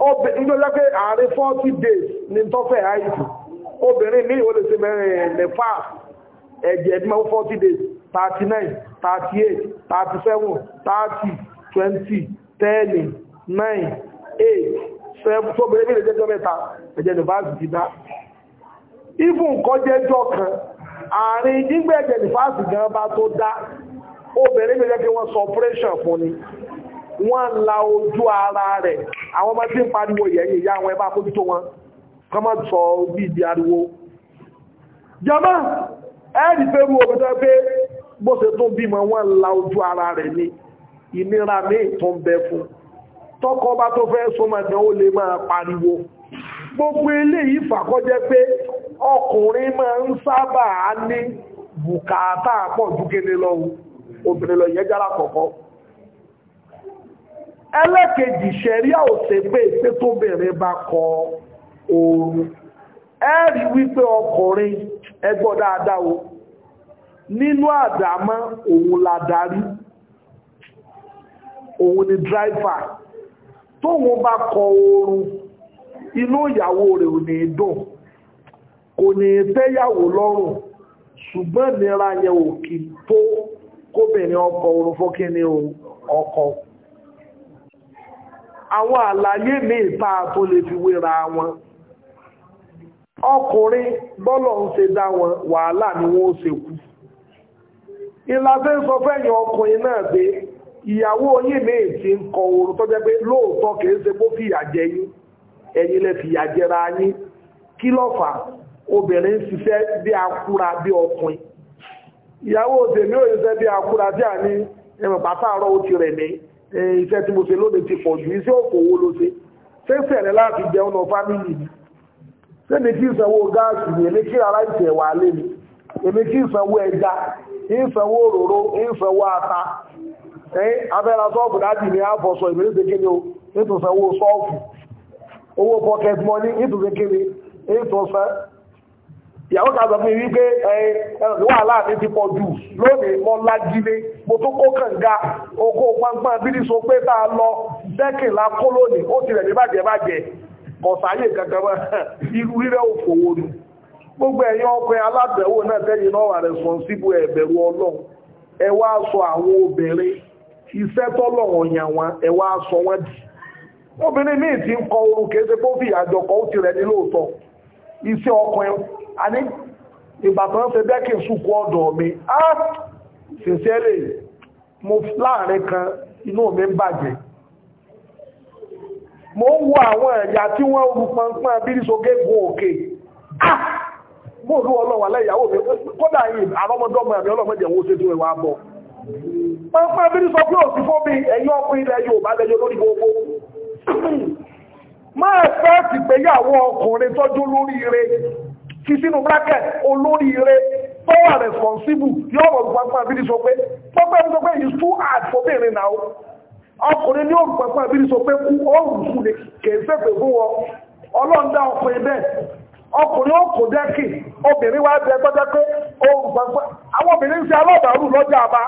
obìnrin ló jẹ́ pé àárín forty days ní tọ́fẹ̀ àìsí obìnrin ní ìwọlé sí mẹ́rin nefas ẹ̀jẹ̀ ẹ̀dínmọ́ forty days thirty nine thirty eight thirty seven thirty twenty ten nine eight seven tó obìnrin lè jẹ́jọ́ mẹ́ta ẹ̀jẹ̀ nefas ti dá ibùn kọjẹ́jọ́ kan àárín nígbẹ̀jẹ̀ nefas gan bá tó dá obìnrin mi lẹ́kẹ́ wọ́n sọ operation fún ni wọ́n la ojú ara rẹ̀ àwọn ọmọ tí ń pariwo ìyẹ̀yìn ìyá àwọn ẹbá àkójútó wọn kọ́ mọ́ sọ bí ìdí ariwo jọmọ́ ẹ́rì pé rú omi pé bó ṣe tún bímọ wọ́n la ojú ara rẹ̀ ni ìnira míì tún bẹ fún tọ́kọ bá tó fẹ́ súnmọ́ gan ó lè máa pariwo gbogbo eléyìí fàkọ́jẹ́ pé ọkùnrin máa ń sábà ní bùkátà pọ̀ ju obìnrin lọ yẹn jára kọ̀kọ́ ẹlẹ́kejì ṣẹ̀ríà òṣèpé pé tóbìnrin bá kọ oorun ẹ̀rí wípé ọkùnrin ẹgbọ́ dáadáa o nínú àdámọ́ òun la darí òun ni dráìfà tóun bá kọ oorun inú ìyàwó rẹ̀ ò ní dùn kò ní tẹ́yàwó lọ́rùn ṣùgbọ́n nira yẹn ò kì tó kóbìnrin ọkọ orun fókí ní ọkọ àwọn àlàyé mi ìta tó lè fi wéra wọn ọkùnrin bọ́lọ̀ ń se dá wọn wàhálà ni wọ́n ṣe kú ìlàfẹ́ sọ fẹ́yìn ọkùnrin náà pé ìyàwó mi ti ń kọ orun tó jẹ́ pé lóòótọ́ kìí ṣe kó yín lẹ yín ìyàwó tèmi ò ṣiṣẹ́ bí akúra tí a ní rẹ̀ mí iṣẹ́ tí mo ṣe lónìí ti pọ̀ jù iṣẹ́ òkòwò ló ṣe ṣé sẹ̀rẹ̀ láti jẹun fámìlì sẹ́ni kí ìsanwó gáàsì ni èmi kí ara ìtẹ̀ wà lé mi èmi kí ìsanwó ẹja ìsanwó òróró ìsanwó ata abẹ́ra sọ́ọ̀bù ìyàwó kan sọ fún mi wípé ẹ wàhálà mi ti pọ̀ jù lónìí mo lágilé mo tún kó kànga oko pọnpọn bídí so pé tá a lọ dẹ́kìnlá kó lónìí ó ti rẹ̀ ní bàjẹ́ bàjẹ́ kọ̀sáyé kankan mọ́ irú rírẹ́ òfòwò ni gbogbo ẹ̀yin ọkùnrin aládẹ̀wò náà tẹ́yìn náà wà responsible ẹ̀bẹ̀rù ọlọ́run ẹ wá sọ àwọn obìnrin iṣẹ́ tọ́lọ̀wọ̀n yàn wọn ẹ wá sọ wọn dì obìnrin míì ti ń kọ orun kèése kó fìyà jọkọ̀ ó ti rẹ̀ ní lóòótọ́ iṣẹ́ ọkùnrin a-t-il àní ìbàtàn fẹ́ bẹ́kì súnkú ọ̀dọ̀ mi á sincerely mo láàrin kan inú mi ń bàjẹ́ mo ń wo àwọn ẹ̀yà tí wọ́n rú pọnpọ́n abírísogé gun òkè á mo rú ọlọ́wà lẹ́yàwó mi kódà yìí àrọ́mọdọ́mọ àmì ọlọ́mọdé wo ṣe tún ẹwà bọ̀ pọnpọ́n abírísọ pé òsì fún mi ẹ̀yìn ọkùnrin ilẹ̀ Yorùbá lẹ́yọ lórí gbogbo máa fẹ́ ti gbéyàwó ọkùnrin tọ́jú lórí ire kì sínú bracket olórí ire tó wà responsible yóò mọ̀ olùpapọ̀ àbílí sọ pé pọ́pẹ́ sọ pé it's too hard for bẹ́ẹ̀rẹ̀ náà ọkùnrin ní olùpapọ̀ àbílí sọ pé kú oòrùn fún ni kì í sẹ́pẹ̀ fún wọn ọlọ́ndà ọkùnrin bẹ́ẹ̀ ọkùnrin ó kò dẹ́kì obìnrin wá bẹ gbọ́dọ̀ pé olùpapọ̀ àwọn obìnrin ń ṣe alábàárù lọ́jà àbá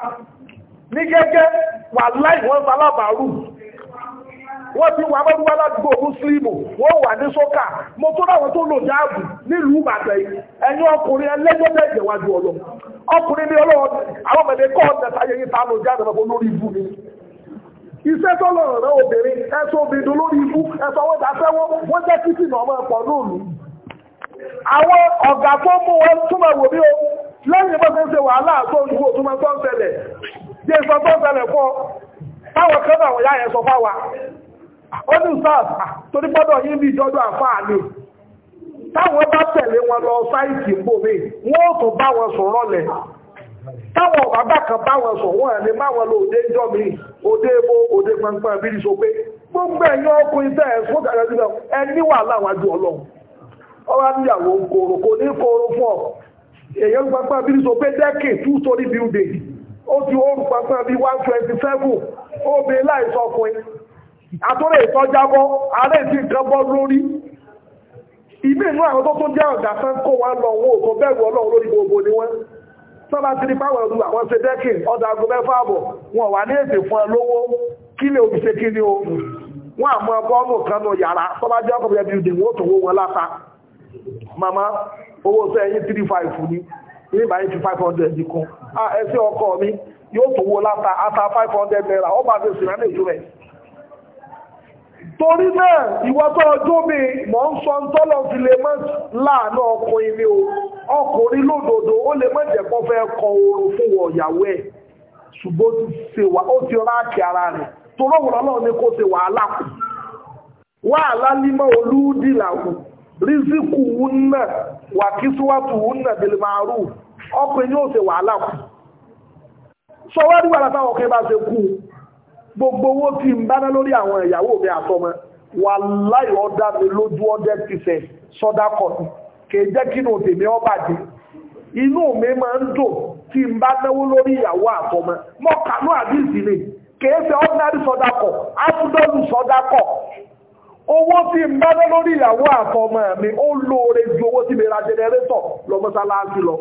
ní gẹ́gẹ́ wà láì wọ́n ń ṣe alábàárù wọ́n ti wà mọ́túwá ládùúgbò mùsùlùmù wọ́n wà ní sọ́kà mo tó dáwọn tó lò jáàbù nílùú ìbàdàn yìí ẹ̀yin ọkùnrin ẹlẹ́gbẹ́dẹ́ ìjẹ̀wájú ọlọ ọkùnrin ní ọlọ́wọ́ àwọn mẹ̀lẹ́ kọ́ ọ̀dẹ̀ sáyé yìí ta lò jáàbù ọmọ lórí ibú ni. iṣẹ́ tó lọ rẹ̀ obìnrin ẹ̀sọ́ obìnrin lórí ibú ẹ̀sọ́ wọn dàfẹ́ wọn wọ́n jẹ́ títì náà ọmọ ẹ̀pọ̀ lóòlù. àwọn ọ̀gá tó mú wọn túmọ̀ wò bí o lẹ́yìn bó ṣe ń ṣe wàhálà tó ń wo tó máa tó ń ṣẹlẹ̀ bí èso tó ń ṣẹlẹ̀ fún ọ táwọn kan náà wọ́n yá yẹn sọ fáwa ó ní sáà torí gbọ́dọ̀ yín bí ìjọdọ̀ àfáà ni táwọn bá tẹ̀lé wọn lọ sáìtì gbòmí wọ́n ó bá wọn sọ̀rọ̀ lẹ̀ táwọn bàbá kan bá wọn sọ̀rọ̀ wọn mi òde ebo òde pẹ̀mpẹ̀ bí so pé gbogbo ẹ̀yàn ọkùnrin tẹ́ ẹ̀ fún kàkà sílẹ̀ ẹ níwà àtúrẹ̀ ìtọ́jábọ́ ààrẹ ti nǹkan bọ́ lórí ilé inú àwọn tó tó jẹ́ ọ̀gá tán kó wá lọ owó tó bẹ̀rù ọlọ́run lórí gbogbo ni wọ́n sọ́lá ti ní páwọn ọdún àwọn ṣe dẹ́kì ọdún aago mẹ́fà àbọ̀ wọn wà ní èdè fún ẹ lówó kí lè òbí ṣe kí ni o wọn àmọ́ bọ́ọ̀mù kan nù yàrá sọ́lá jẹ́ ọkọ̀ bíi ẹbí wọ́n tó wó wọn láta màmá owó sọ ẹyin three five ni ní ìbáyé ti five hundred kún ah, ẹsẹ̀ ọkọ mi yóò tó wó láta ata five hundred naira ọ torí náà ìwọ́tọ́ ọjọ́ mi mọ̀ ń sọ tọ́lọ̀ fi lè mọ́ láàánú ọkùnrin ni o ọkùnrin lódodo ó lè mọ́ jẹ́ kọ́ fẹ́ kọ oorun fún wọ ìyàwó ẹ̀ ṣùgbọ́n ó ti wà ó ti ara rẹ̀ torí òun ọlọ́run ni kò ṣe wàhálà kù wàhálà límọ̀ olúdìlàwù rísíkù wúnà wàkísíwàtù wúnà bìlìmàrú ọkùnrin yóò ṣe wàhálà kù sọ wá nígbà gbogbo owó tí ń báná lórí àwọn ìyàwó mi àtọmọ wà láì ọdá mi lójú ọdẹ ti fẹ sọdá kọtù jẹ́ kí ní òtèmí ọba dé inú mi máa ń dùn tí ń bá lórí ìyàwó àtọmọ mọ kànú àdìsí ni kìí fẹ kọ áfúdọ́lù sọdá owó tí ń báná lórí ìyàwó àtọmọ mi ó lóore ju owó tí mi ra lọ.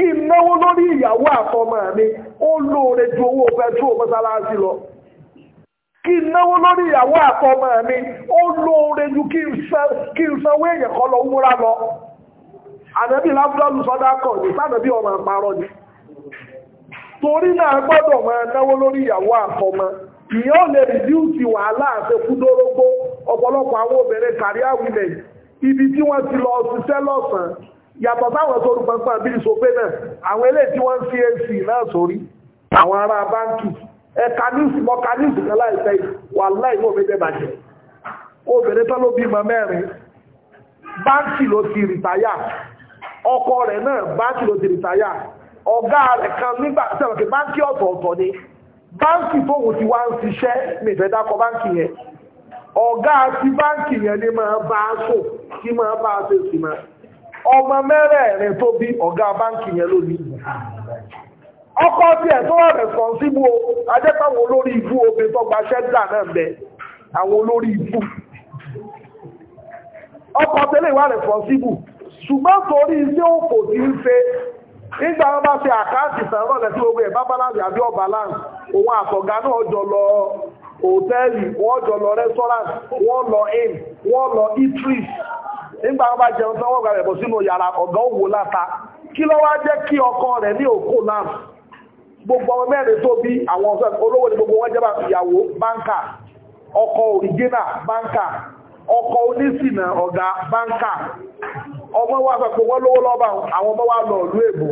kí n náwó lórí ìyàwó àtọmọ mi ó lóore ju owó pẹtrol mọ́sálásí lọ kí náwó lórí ìyàwó àtọmọ mi ó lóore ju kí n sanwó èèyàn lọ múra lọ ànábì lábúdọ́lù sọ́dá kọ̀ ní sànábì ọmọ àparọ́ ni torí náà gbọ́dọ̀ máa náwó lórí ìyàwó àtọmọ ìyẹn ò lè rìdíùsì wàhálà àti kúdórógbó ọ̀pọ̀lọpọ̀ àwọn obìnrin kàrí àwìlẹ̀ ibi tí wọ́n ti lọ ṣiṣẹ́ lọ́sàn yàtọ̀ sáwọn sórí pẹ̀pẹ̀ bí ìsopé náà àwọn eléyìí tí wọ́n ń CAC náà sórí àwọn ará báńkì ẹ kanísì mọ kanísì kan láìpẹ́ wà láì ní òmìnira bàjẹ́ obìnrin tó ló bímọ mẹ́rin báńkì ló ti rìtáyà ọkọ rẹ̀ náà báńkì ló ti rìtáyà ọ̀gá rẹ̀ kan nígbà sẹ́wọ̀n kí báńkì ọ̀tọ̀ọ̀tọ̀ ni báńkì tóhùn ti wá ń ṣiṣẹ́ nìfẹ́ dákọ báńkì yẹn ọ̀gá ti báńkì yẹn ni máa bá a sùn kí máa bá a ṣe máa ọmọ mẹ́rẹ̀ẹ̀rin tó bí ọ̀gá báǹkì yẹn lónìí ọkọ̀ tí ẹ̀ tó wà responsible o ajẹ́pàwọn olórí ibú omi tó gba ṣẹ́gbà náà bẹ àwọn olórí ibú ọkọ̀ tẹ́lẹ̀ wà responsible ṣùgbọ́n torí ilé òkò tí ń ṣe nígbà wọn bá ṣe àkáǹtì sẹ́rọ̀lẹ̀ tí gbogbo ẹ̀ bá balance àbí ọ̀balance òun àtọ̀gá náà jọ lọ hòtẹ́ẹ̀lì wọ́n jọ lọ restaurant wọ́n lọ inn wọ́n lọ nígbà wọn jẹun tán wọ́n gbà rẹ̀ bọ̀ sínú yàrá ọ̀gá òwò láta kí ló wá jẹ́ kí ọkọ rẹ̀ ní òkú náà gbogbo ọmọ mẹ́rin tó bí àwọn ọ̀sán olówó ni gbogbo wọn jẹ́ ìyàwó báńkà ọkọ òrìgínà báńkà ọkọ onísìnà ọ̀gá báńkà ọmọ wa pẹ̀pẹ̀ wọ́n lówó lọ́ba àwọn ọmọ wa lọ ìlú èbò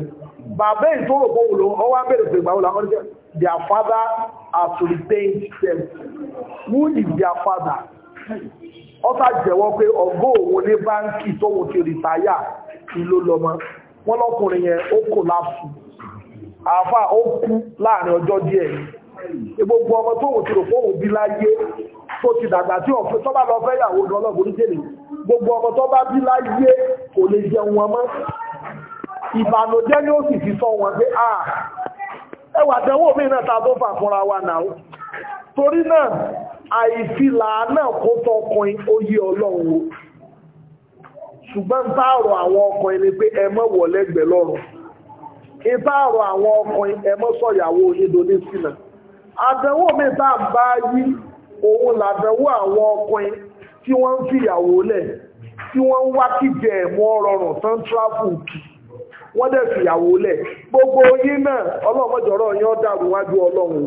bàbá ìtòrò kó wùlò wọ́n wá bèrè pé gbàwó làwọn jẹ́ their father has retained them who is their father ọ́sà jẹ́wọ́ pé ọgọ́ òun ní báńkì tóun ti rìtáyà ìlú lọ́mọ wọn lọ́kùnrin yẹn ó kò láàfù àáfà ó kú láàrin ọjọ́ díẹ̀ gbogbo ọmọ tóun ti rò fóun bí láyé tó ti dàgbà tí ọ̀fẹ́ tó bá lọ fẹ́ yàwó gan ọlọ́gbọ̀n ní jèrè gbogbo ọmọ tó bá bí láyé kò lè jẹun wọn mọ́ ìbànújẹ́ ni ó sì fi sọ wọn pé à ẹwà tẹ́wọ́ mi náà ta tó fà fúnra wa náà torí náà àìfilà náà kó tọ́ ọkùnrin ó yé ọlọ́run o ṣùgbọ́n táàrọ̀ àwọn ọkùnrin ni pé ẹ mọ́ wọ̀lẹ́gbẹ̀ẹ́ lọ́rùn ìbáàrọ̀ àwọn ọkùnrin ẹ mọ́ sọ̀yàwó onídonésínà àdánwò mi tá à ń bá yí òun làdánwò àwọn ọkùnrin tí wọ́n ń fìyàwó lẹ̀ tí wọ́n ń wá kíjẹ ẹ̀mọ́ rọrùn tán tráfù kì wọ́n dẹ̀ fìyàwó lẹ̀ gbogbo yín náà ọlọ́mọdọ̀rọ̀ yín ó dàrú wájú ọlọ́run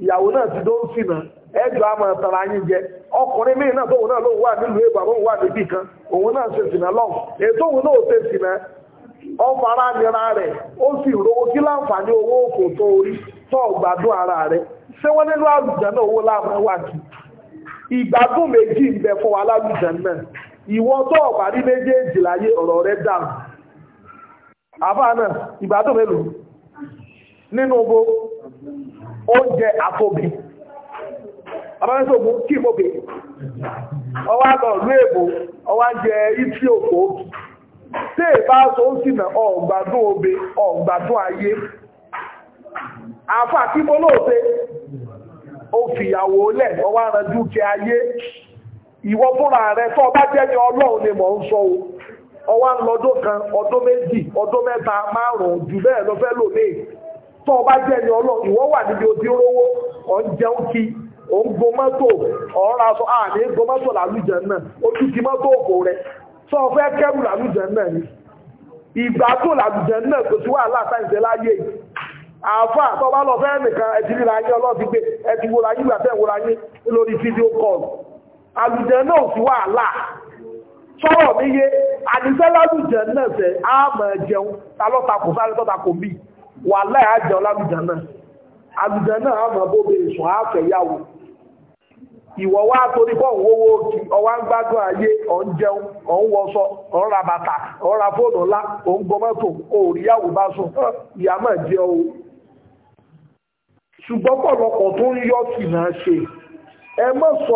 ìyàwó náà ti dó ń fìnà ẹjọ́ àmọ́ tàrà yín jẹ ọkùnrin míì náà tóun náà lóun wà nílùú èbò àbóun wà níbì kan òun náà ṣe sìnà lọ́wọ́ ètò òun náà ṣe sìnà ọfara nira rẹ̀ ó sì ro kí láǹfààní owó òkò tó orí ara rẹ̀ ṣé wọ́n náà owó láàmú wà kí ìgbádùn méjì ń bẹ fún wa náà ìwọ tó rí méjèèjì láyé ọ̀rọ̀ rẹ̀ oúnjẹ àtòbí abáyẹ́sọ̀ ògùn kí ìmòbè ọwá lọ lú èbò ọwá jẹ ìtí òkú tí èbá sọ ó sì mẹ́ ọ̀gbàdún obe ọ̀gbàdún ayé àfà kí mo lóòfẹ́ ó fìyàwó lẹ̀ ọwá rẹ̀ dúkẹ ayé ìwọ fúnra rẹ̀ tó ọba jẹ́ ní ọlọ́run ni mò ń sọ o ọwá ń lọ́dún kan ọdún méjì ọdún mẹ́ta márùn-ún jù bẹ́ẹ̀ lọ fẹ́ lò léè tó ọba jẹ́ ẹni ọlọ́ ìwọ wà níbi odi rówó ọ̀n jẹun kí òun gbo mọ́tò ọ̀ọ́ra sọ àní gbo mọ́tò làlújẹ náà ojú ti mọ́tò òkò rẹ tó o fẹ́ kẹ́rù làlújẹ náà ni ìgbà tó làlújẹ náà kò sí wàhálà sáìsẹ́ láyé yìí àfà tó bá lọ fẹ́ nìkan ẹtì ríra yín ọlọ́ọ̀tí gbé ẹtì wo ra yín gbà tẹ́ wo ra yín lórí fídíò kọ́ọ̀lù àlùjẹ náà sí wàhálà sọ̀rọ̀ mi yé àdìsẹ́ làlújẹ náà sẹ́ á mọ̀ jẹun ta lọ́ta kò wà àjọ lálùjá náà àlùjá náà àmọ́ bóbe èso àfẹ̀yàwó wá torí bọ́ òwò òkì ọwá ń gbádùn ayé ọ̀n jẹun ọ̀n wọṣọ ọ̀n ra bàtà ọ̀n ra fóònù ńlá ọ̀n gbọmọ́tò bá sùn ìyá o ṣùgbọ́n pọ̀lọpọ̀ tó ń yọ ṣe ẹ mọ̀ sọ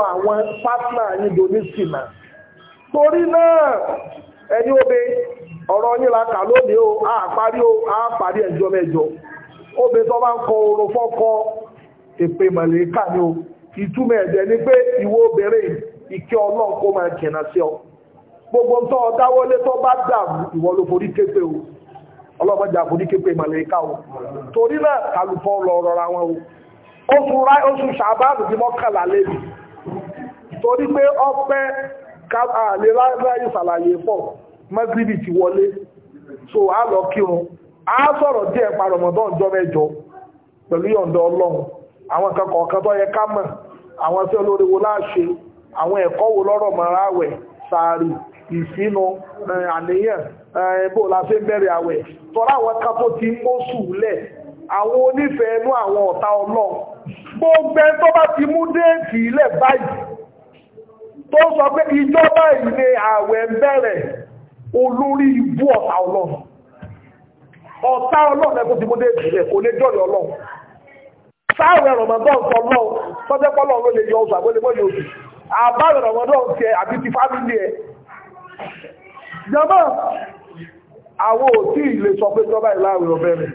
obe ọ̀rọ̀ yín la kà o a parí o a parí ẹjọ́ mẹ́jọ tó bá ń kọ oorun fọ́kọ èpè ni o ìtumọ̀ ẹ̀jẹ̀ ni pé ìwọ obìnrin ìkẹ́ kó máa ọ gbogbo tó tó bá o képe o torí náà kàlùfọ́ lọ rọra wọn o oṣù ra oṣù mọ́kànlá lẹ́bi torí pé ọpẹ́ láyé mọ́gíríbì ti wọlé so a lọ kírun a sọ̀rọ̀ díẹ̀ pa Ramadan jọ mẹ́jọ pẹ̀lú yọ̀ǹda Ọlọ́run àwọn nǹkan kọ̀ọ̀kan tó yẹ ká mọ̀ àwọn tí olóore wo láṣe àwọn ẹ̀kọ́ wo lọ́rọ̀ mọ́ra àwẹ̀ sàárì ìsínú àníyàn bó la ṣe ń bẹ̀rẹ̀ àwẹ̀ tọ́ra àwọn ká tó ti mọ́ sùúlẹ̀ àwọn onífẹ̀ẹ́ inú àwọn ọ̀tá Ọlọ́run gbogbo ẹ tó bá ti mú déètì ilẹ̀ báyìí tó sọ pé ìjọba ìlé àwẹ̀ ń bẹ̀rẹ̀ olórí ibú ọ̀tá ọlọ́run ọ̀tá ọlọ́run ẹ̀kọ́ ti mú dé ìbílẹ̀ kò lè jọ̀rọ̀ ọlọ́run sáàrẹ̀ rọ̀mọ̀dọ́n sọ lọ́wọ́ sọ́jẹ́ pọ́lọ́ ló lè yọ oṣù àgbélé mọ́ yóò dùn àbáwẹ̀ rọ̀mọ̀dọ́n tiẹ̀ àbí ti fámìlì ẹ̀ jọmọ́ àwọn òtí ilé sọ pé jọba ìláwẹ̀ ọ̀bẹ̀rẹ̀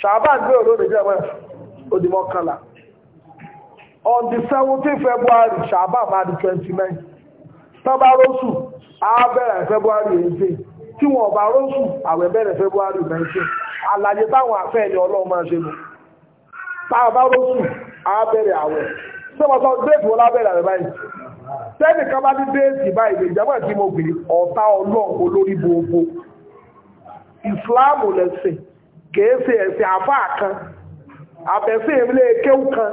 ṣàbá gbé olóde jẹ́mọ́ odìmọ́kànlá on the 17 February ṣàbá máa di 29 tọ́bá rọ́sù á bẹ̀rẹ̀ february eighteen tí wọn ọba rọ́ṣù àwẹ̀ bẹ̀rẹ̀ february nineteen àlàyé táwọn afẹ́ ni ọlọ́run máa ṣe lò tá a bá rọ́ṣù á bẹ̀rẹ̀ àwẹ̀ ṣé wọ́n sọ déètì wọn lábẹ́rẹ̀ àwẹ̀ báyìí tẹ́nì kan bá ní déètì báyìí lè jábọ̀ tí mo gbé ọ̀tá ọlọ́run olórí gbogbo ìsìláàmù lẹ́sìn kìí ṣe ẹ̀sìn àfáà kan àbẹ̀sìn ilé kéwù kan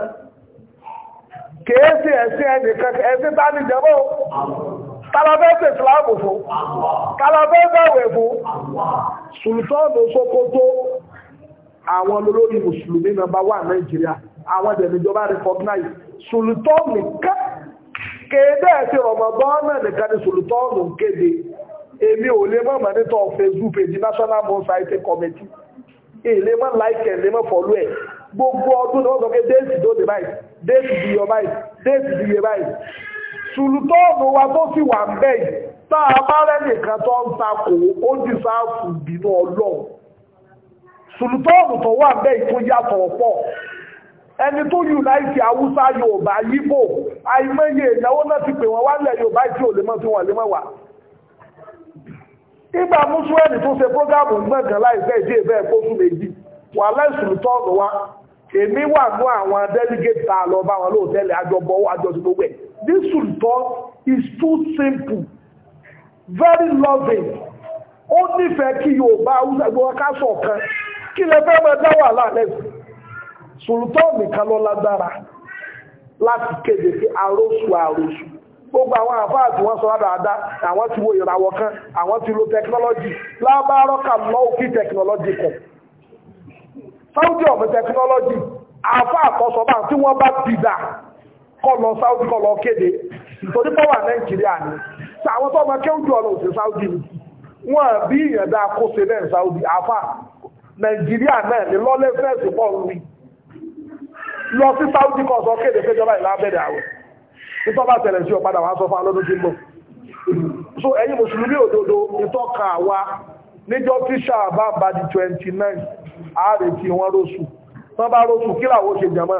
kìí ṣe ẹ̀sìn ẹnìkan ẹ̀sìn bá ní jẹ́mọ́ kálọ́fẹ́ ṣe ìsìláàmù fún kálọ́fẹ́ bẹ̀wẹ̀ fún sùlùtọ́ọ̀nù Sókótó àwọn olórí mùsùlùmí nọ́mbà wà Nàìjíríà àwọn ìdẹ̀nìjọba recognize sùlùtọ́ọ̀nù kéde ẹ̀sìn rọmọgọ́nà nìkan ni sùlùtọ́ọ̀nù kéde èmi ò lè mọ̀mọ́ nítọ̀ Facebook page National Mosaic Committee èlé mọ́ láìkẹ̀ èlé mọ́ fọ́lú ẹ̀ gbogbo ọdún ni wọ́n sọ pé déètì tó dé báyìí déètì bí yọ báyìí ṣùlùtọ́ọ̀nù wa tó sì wà bẹ́ yìí tá a bá rẹ́nìkan tó ń takò ó ti sáàfù bínú ọlọ́run ṣùlùtọ́ọ̀nù tó wà bẹ́ yìí tó yàtọ̀ pọ̀ ẹni tó yùnáìtì haúsá yorùbá yíbò àìmọye ìnáwó náà ti pè wọ́n wálẹ̀ yorùbá tí ò lè mọ́ tí wọ́n lè mọ́ wà ìgbà mùsùlùmí èmi wà ní àwọn délégétà lọ bá wọn lóòtẹ́lẹ̀ àjọbọ̀ àjọsí gbogbo ẹ̀ This sultan is too simple, very loving. Ó nífẹ̀ẹ́ kí Yorùbá Hausa ká ṣọ̀kan. Kí lẹ fẹ́ máa dá wà láàrẹ̀? Sultan nìkan lọ lágbára láti kéde sí àrósù àrósù. Gbogbo àwọn àfáà tí wọ́n sọ dáadáa, àwọn ti wo ìràwọ̀ kan, àwọn ti lo technology. Lábárọ́kà lọ́wọ́ kí technology kan. Saudi of technology, àfáà kọ́ sọ bá tí wọ́n bá bìdà kọ́ lọ Saudi kọ́ lọ kéde torí pọ́wà Nàìjíríà ni àwọn tó ọmọ kéwùjú ọ̀nà òsè Saudi ni wọ́n bí ìyàndá kó se náà Saudi àfà Nàìjíríà náà ni lọ́lẹ́fẹ́sì pọ̀ ń wí lọ sí Saudi kọ́ sọ kéde péjọba ìlà abẹ́rẹ́ àwẹ̀ nítorí bá tẹ̀lẹ̀ sí ọ̀padà wá sọ fún alọ́dún tí ń bọ̀ so ẹ̀yin mùsùlùmí òdodo ìtọ́ka àwa níjọ́ tí sáà bá di 29 àárẹ̀ tí wọ́n róṣù wọ́n bá róṣù kí làwọn ṣe jẹ̀mọ́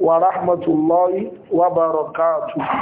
wa rahmatullahi wa barakatuh